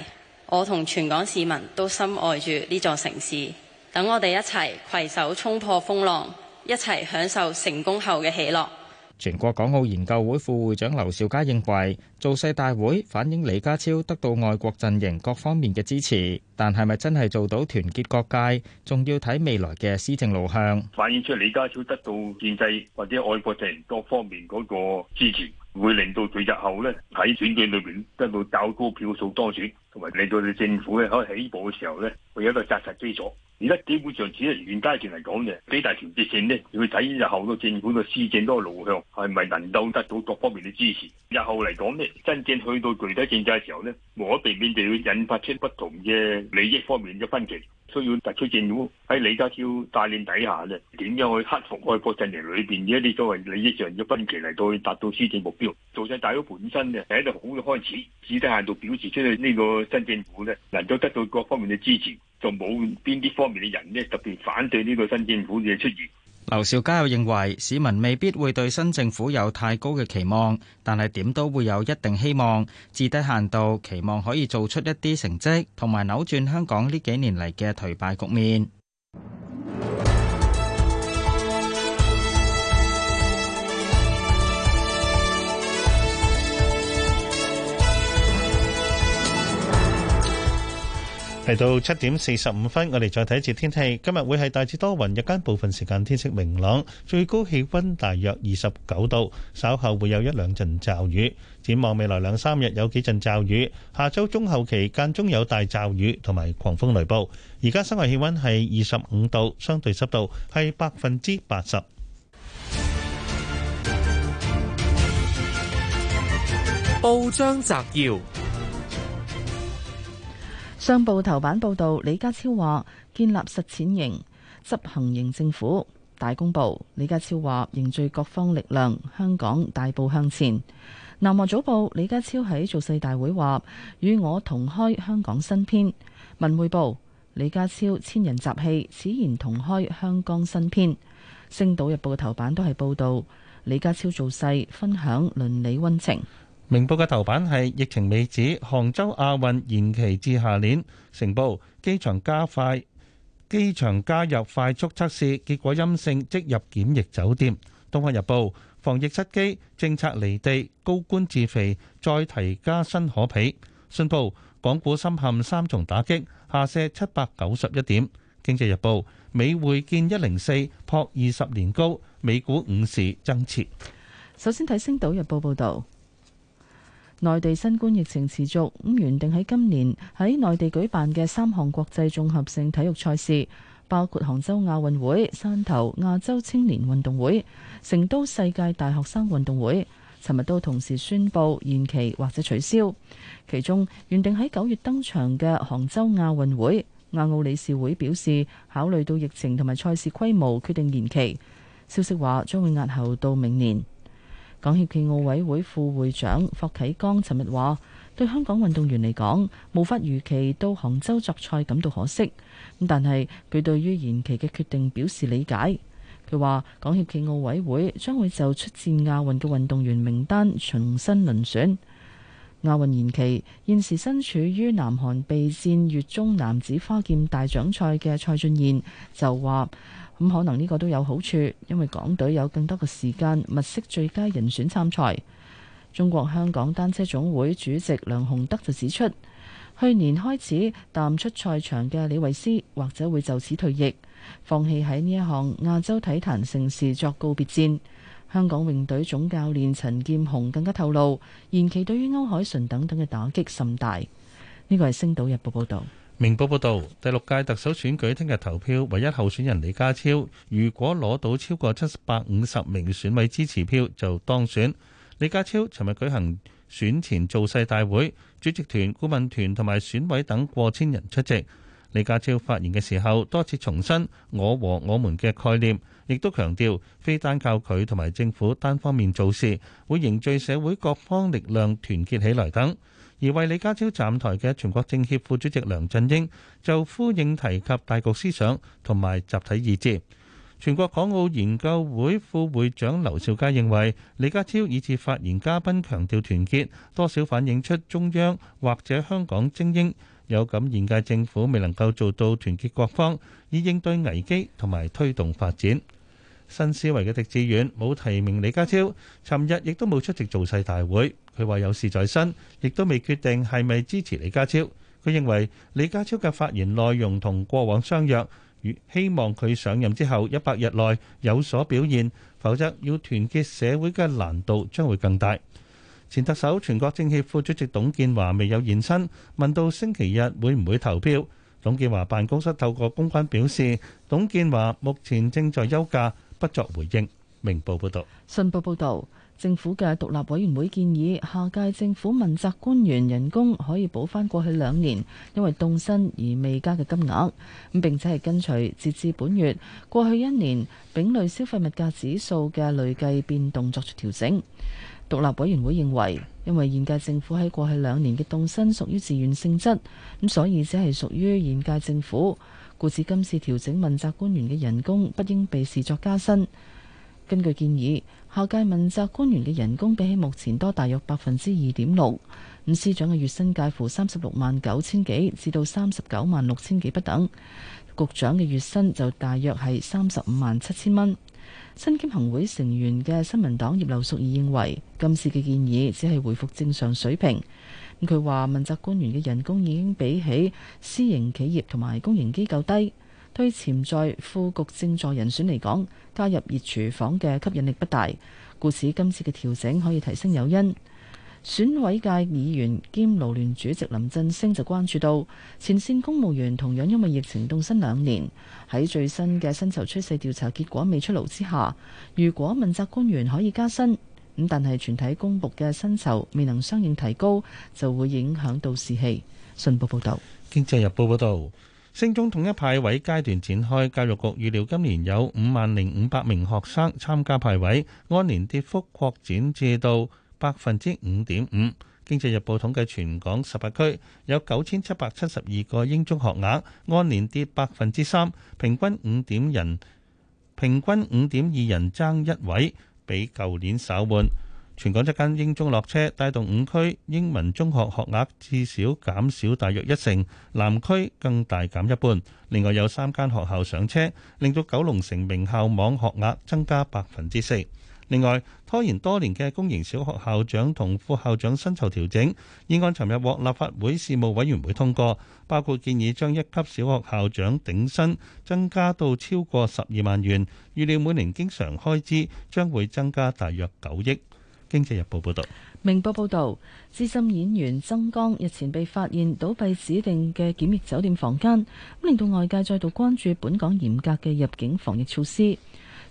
我同全港市民都深愛住呢座城市，等我哋一齊攜手衝破風浪，一齊享受成功後嘅喜樂。全國港澳研究會副會長劉兆佳認為，造勢大會反映李家超得到外國陣營各方面嘅支持，但係咪真係做到團結各界，仲要睇未來嘅施政路向。反映出李家超得到建制或者外國陣營各方面嗰個支持，會令到佢日後咧喺選舉裏邊得到較高票數多選。同埋嚟到政府咧，喺起步嘅時候咧，會有一個紮實基礎。而家基本上只係現階段嚟講嘅，幾大條折線咧，要去睇日後個政府嘅施政嗰個路向，係咪能夠得到各方面嘅支持。日後嚟講呢，真正去到具體政策嘅時候呢，無可避免地會引發出不同嘅利益方面嘅分歧。需要特區政府喺李家超帶領底下呢，點樣去克服愛國陣營裏邊一啲作為利益上嘅分歧，嚟到達到施政目標。做上大屋本身嘅一個好嘅開始，只得限度表示出嚟呢個。新政府呢，能夠得到各方面嘅支持，就冇邊啲方面嘅人呢，特別反對呢個新政府嘅出現。劉兆佳又認為，市民未必會對新政府有太高嘅期望，但係點都會有一定希望，至低限度期望可以做出一啲成績，同埋扭轉香港呢幾年嚟嘅頹敗局面。嚟到七點四十五分，我哋再睇一次天氣。今日會係大致多雲，日間部分時間天色明朗，最高氣溫大約二十九度。稍後會有一兩陣驟雨，展望未來兩三日有幾陣驟雨，下周中後期間中有大驟雨同埋狂風雷暴。而家室外氣溫係二十五度，相對濕度係百分之八十。報章摘要。商報頭版報導，李家超話建立實踐型執行型政府。大公報，李家超話凝聚各方力量，香港大步向前。南華早報，李家超喺造勢大會話與我同開香港新篇。文匯報，李家超千人集氣，此言同開香港新篇。星島日報嘅頭版都係報導李家超造勢，分享倫理温情。明報嘅頭版係疫情未止，杭州亞運延期至下年。成報，機場加快機場加入快速測試，結果陰性即入檢疫酒店。東方日報，防疫失機，政策離地，高官自肥，再提加薪可比。信報，港股深陷三重打擊，下瀉七百九十一點。經濟日報，美匯見一零四破二十年高，美股午時增持。首先睇《星島日報》報導。內地新冠疫情持續，原定喺今年喺內地舉辦嘅三項國際綜合性體育賽事，包括杭州亞運會、汕頭亞洲青年運動會、成都世界大學生運動會，尋日都同時宣布延期或者取消。其中原定喺九月登場嘅杭州亞運會，亞奧理事會表示考慮到疫情同埋賽事規模，決定延期。消息話將會押後到明年。港協暨奧委會副會長霍啟剛尋日話：對香港運動員嚟講，無法如期到杭州作賽感到可惜。咁但係佢對於延期嘅決定表示理解。佢話：港協暨奧委會將會就出戰亞運嘅運動員名單重新遴選。亞運延期，現時身處於南韓備戰月中男子花劍大獎賽嘅蔡俊彥就話：咁、嗯、可能呢個都有好處，因為港隊有更多嘅時間物色最佳人選參賽。中國香港單車總會主席梁鴻德就指出，去年開始淡出賽場嘅李慧詩或者會就此退役，放棄喺呢一項亞洲體壇盛事作告別戰，香港泳隊總教練陳劍虹更加透露，延期對於歐鎧淳等等嘅打擊甚大。呢個係星島日報報道。明報報導，第六屆特首選舉聽日投票，唯一候選人李家超如果攞到超過七百五十名選委支持票就當選。李家超尋日舉行選前造勢大會，主席團、顧問團同埋選委等過千人出席。李家超發言嘅時候多次重申我和我們嘅概念，亦都強調非單靠佢同埋政府單方面做事，會凝聚社會各方力量團結起來等。而為李家超站台嘅全國政協副主席梁振英就呼應提及大局思想同埋集體意志。全國港澳研究會副會長劉兆佳認為，李家超以至發言嘉賓強調團結，多少反映出中央或者香港精英有感現屆政府未能夠做到團結各方，以應對危機同埋推動發展。新思維嘅狄志遠冇提名李家超，尋日亦都冇出席造勢大會。佢話有事在身，亦都未決定係咪支持李家超。佢認為李家超嘅發言內容同過往相若，希望佢上任之後一百日內有所表現，否則要團結社會嘅難度將會更大。前特首全國政協副主席董建華未有現身，問到星期日會唔會投票，董建華辦公室透過公關表示，董建華目前正在休假。不作回應。明報報導，信報報導，政府嘅獨立委員會建議下屆政府問責官員人工可以補翻過去兩年因為凍薪而未加嘅金額，咁並且係跟隨截至本月過去一年丙類消費物價指數嘅累計變動作出調整。獨立委員會認為，因為現屆政府喺過去兩年嘅凍薪屬於自願性質，咁所以只係屬於現屆政府。故此今次調整問責官員嘅人工，不應被視作加薪。根據建議，下屆問責官員嘅人工比起目前多大約百分之二點六五。咁司長嘅月薪介乎三十六萬九千幾至到三十九萬六千幾不等，局長嘅月薪就大約係三十五萬七千蚊。身兼行會成員嘅新民黨葉劉淑儀認為今次嘅建議只係回復正常水平。佢話：問責官員嘅人工已經比起私營企業同埋公營機構低，對潛在副局政助人選嚟講，加入熱廚房嘅吸引力不大。故此，今次嘅調整可以提升誘因。選委界議員兼勞聯主席林振昇就關注到，前線公務員同樣因為疫情凍薪兩年，喺最新嘅薪酬趨勢調查結果未出爐之下，如果問責官員可以加薪。咁但係，全體公務嘅薪酬未能相應提高，就會影響到士氣。信報報導，《經濟日報》報導，升中統一派位階段展開，教育局預料今年有五萬零五百名學生參加派位，按年跌幅擴展至到百分之五點五。《經濟日報》統計全港十八區有九千七百七十二個英中學額，按年跌百分之三，平均五點人，平均五點二人爭一位。比舊年稍緩，全港一間英中落車，帶動五區英文中學學額至少減少大約一成，南區更大減一半。另外有三間學校上車，令到九龍城名校網學額增加百分之四。另外，拖延多年嘅公營小學校長同副校長薪酬調整議案，尋日獲立法會事務委員會通過，包括建議將一級小學校長頂薪增加到超過十二萬元，預料每年經常開支將會增加大約九億。經濟日報報道：「明報報道，資深演員曾江日前被發現倒斃指定嘅檢疫酒店房間，令到外界再度關注本港嚴格嘅入境防疫措施。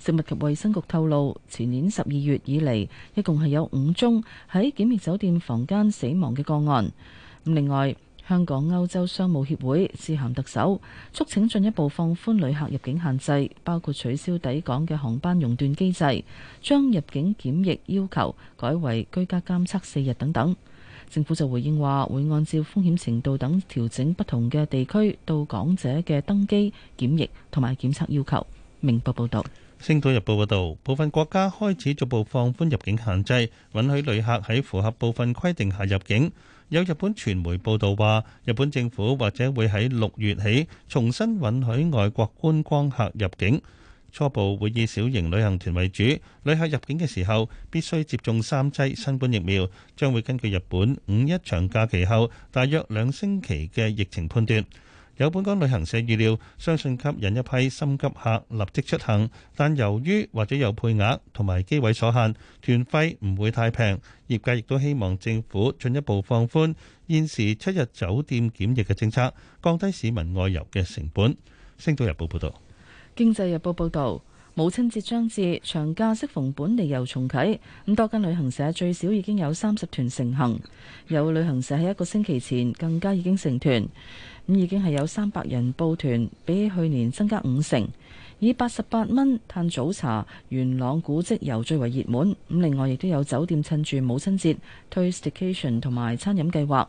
食物及衛生局透露，前年十二月以嚟，一共係有五宗喺檢疫酒店房間死亡嘅個案。咁另外，香港歐洲商務協會致函特首，促請進一步放寬旅客入境限制，包括取消抵港嘅航班熔斷機制，將入境檢疫要求改為居家監測四日等等。政府就回應話，會按照風險程度等調整不同嘅地區到港者嘅登機檢疫同埋檢測要求。明報報道。《星島日報》報導，部分國家開始逐步放寬入境限制，允許旅客喺符合部分規定下入境。有日本傳媒報道話，日本政府或者會喺六月起重新允許外國觀光客入境，初步會以小型旅行團為主。旅客入境嘅時候必須接種三劑新冠疫苗，將會根據日本五一長假期後大約兩星期嘅疫情判斷。有本港旅行社預料，相信吸引一批心急客立即出行，但由於或者有配額同埋機位所限，團費唔會太平。業界亦都希望政府進一步放寬現時七日酒店檢疫嘅政策，降低市民外遊嘅成本。星島日報報道，經濟日報報道，母親節將至，長假適逢本地遊重啟，咁多間旅行社最少已經有三十團成行，有旅行社喺一個星期前更加已經成團。咁已經係有三百人報團，比起去年增加五成。以八十八蚊嘆早茶、元朗古蹟遊最為熱門。咁另外亦都有酒店趁住母親節推 staycation 同埋餐飲計劃。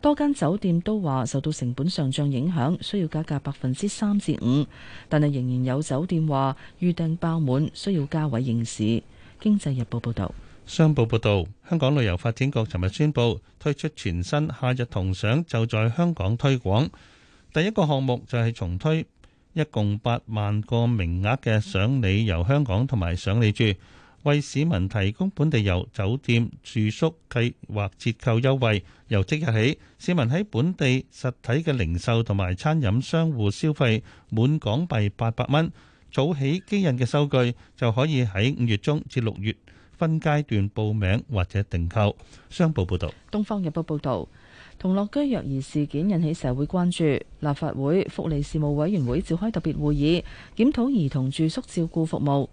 多間酒店都話受到成本上漲影響，需要加價百分之三至五，但係仍然有酒店話預訂爆滿，需要加位應市。經濟日報報導。商報報道，香港旅遊發展局尋日宣布推出全新夏日同賞，就在香港推廣。第一個項目就係重推，一共八萬個名額嘅賞你遊香港同埋賞你住，為市民提供本地遊酒店住宿計劃折扣優惠。由即日起，市民喺本地實體嘅零售同埋餐飲商戶消費滿港幣八百蚊，早起機印嘅收據就可以喺五月中至六月，分階段報名或者訂購。商報報導，東方日報報導，同樂居虐兒事件引起社會關注，立法會福利事務委員會召開特別會議，檢討兒童住宿照顧服務。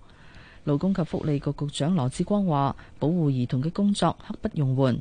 勞工及福利局局長羅志光話：保護兒童嘅工作刻不容緩。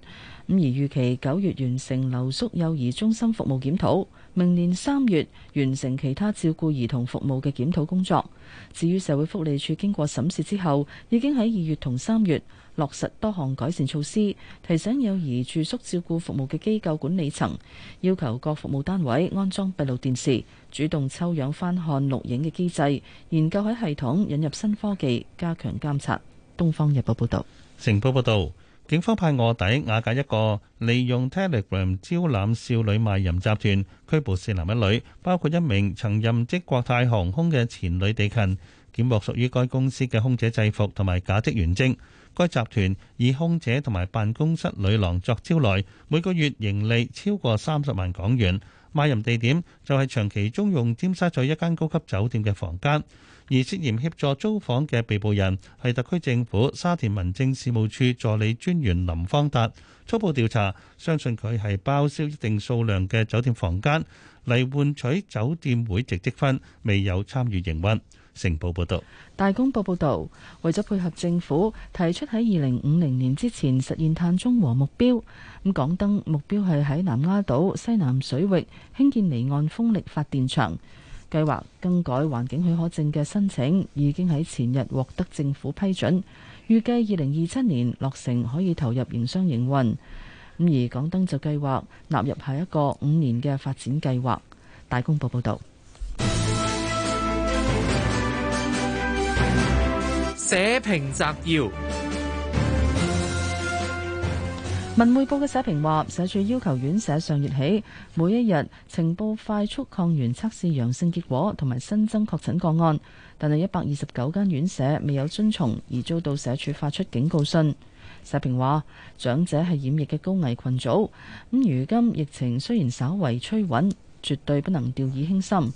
咁而預期九月完成留宿幼兒中心服務檢討。明年三月完成其他照顧兒童服務嘅檢討工作。至於社會福利署經過審視之後，已經喺二月同三月落實多項改善措施，提醒幼兒住宿照顧服務嘅機構管理層，要求各服務單位安裝閉路電視，主動抽樣翻看錄影嘅機制，研究喺系統引入新科技加強監察。《東方日報》報道，《成報》報道。警方派臥底瓦解一個利用 Telegram 招攬少女賣淫集團，拘捕四男一女，包括一名曾任職國泰航空嘅前女地勤，檢獲屬於該公司嘅空姐制服同埋假職員證。該集團以空姐同埋辦公室女郎作招徠，每個月盈利超過三十萬港元。賣淫地點就係長期租用尖沙咀一間高級酒店嘅房間。而涉嫌協助租房嘅被捕人係特區政府沙田民政事務處助理專員林方達。初步調查相信佢係包銷一定數量嘅酒店房間嚟換取酒店會籍積分，未有參與營運。成報報道。大公報報道，為咗配合政府提出喺二零五零年之前實現碳中和目標，咁港燈目標係喺南丫島西南水域興建離岸風力發電場。計劃更改環境許可證嘅申請，已經喺前日獲得政府批准，預計二零二七年落成可以投入營商營運。咁而港燈就計劃納入下一個五年嘅發展計劃。大公報報道。社評摘要。文匯報嘅社評話，社署要求院舍上月起每一日呈報快速抗原測試陽性結果同埋新增確診個案，但係一百二十九間院舍未有遵從，而遭到社署發出警告信。社評話，長者係染疫嘅高危群組，咁如今疫情雖然稍為趨穩，絕對不能掉以輕心。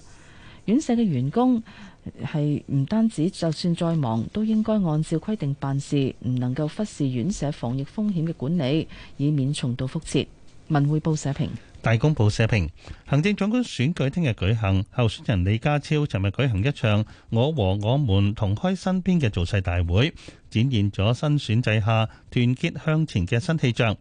院舍嘅員工。係唔單止，就算再忙，都應該按照規定辦事，唔能夠忽視院舍防疫風險嘅管理，以免重蹈覆轍。文匯報社評。大公報社評，行政長官選舉聽日舉行，候選人李家超尋日舉行一場我和我們同開新篇嘅造勢大會，展現咗新選制下團結向前嘅新氣象。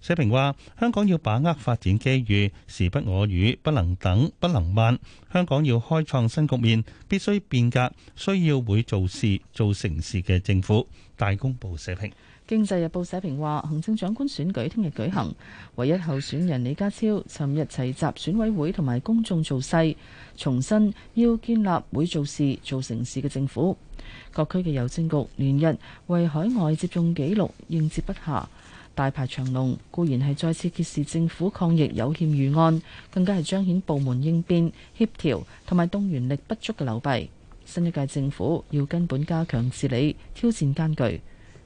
社評話：香港要把握發展機遇，時不我與，不能等，不能慢。香港要開創新局面，必須變革，需要會做事、做成事嘅政府。大公報社評，《經濟日報》社評話：行政長官選舉聽日舉行，唯一候選人李家超尋日齊集選委會同埋公眾造勢，重申要建立會做事、做成事嘅政府。各區嘅郵政局連日為海外接種紀錄應接不暇。大排長龍固然係再次揭示政府抗疫有欠預案，更加係彰顯部門應變協調同埋動員力不足嘅流弊。新一屆政府要根本加強治理，挑戰艱巨。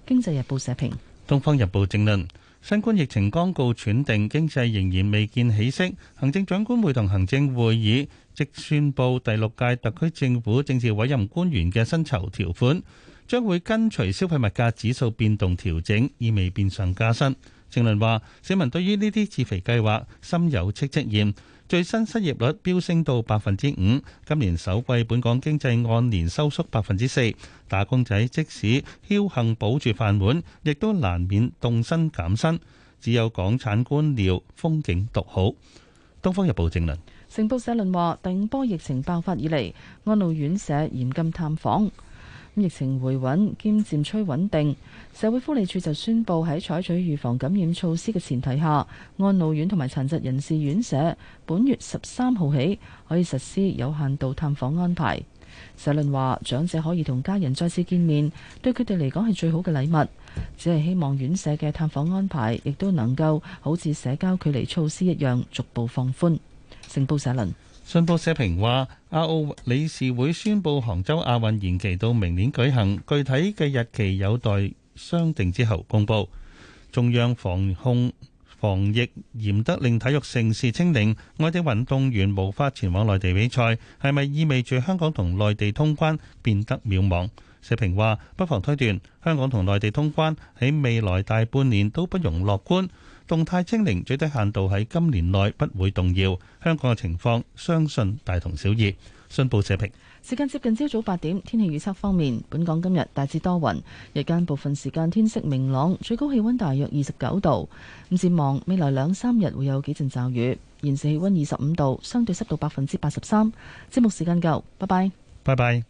經濟日報社評，東方日報正論：新冠疫情剛告喘定，經濟仍然未見起色。行政長官會同行政會議即宣佈第六屆特區政府政治委任官員嘅薪酬條款。將會跟隨消費物價指數變動調整，意味變相加薪。正論話：市民對於呢啲自肥計劃心有戚戚焉。最新失業率飆升到百分之五，今年首季本港經濟按年收縮百分之四。打工仔即使僥倖保住飯碗，亦都難免動身減薪。只有港產官僚風景獨好。《東方日報》正論，成報社論話：頂波疫情爆發以嚟，安老院舍嚴禁探訪。疫情回穩，兼漸趨穩定，社會福利署就宣布喺採取預防感染措施嘅前提下，安老院同埋殘疾人士院舍本月十三號起可以實施有限度探訪安排。社論話，長者可以同家人再次見面，對佢哋嚟講係最好嘅禮物。只係希望院舍嘅探訪安排亦都能夠好似社交距離措施一樣逐步放寬。成報社論。信報社評話：亞奧理事會宣布杭州亞運延期到明年舉行，具體嘅日期有待商定之後公佈。中央防控防疫嚴得令體育盛事清零，外地運動員無法前往內地比賽，係咪意味住香港同內地通關變得渺茫？社評話：不妨推斷，香港同內地通關喺未來大半年都不容樂觀。動態清零最低限度喺今年內不會動搖，香港嘅情況相信大同小異。信報社評。時間接近朝早八點，天氣預測方面，本港今日大致多雲，日間部分時間天色明朗，最高氣温大約二十九度。咁展望未來兩三日會有幾陣驟雨，現時氣温二十五度，相對濕度百分之八十三。節目時間夠，拜拜。拜拜。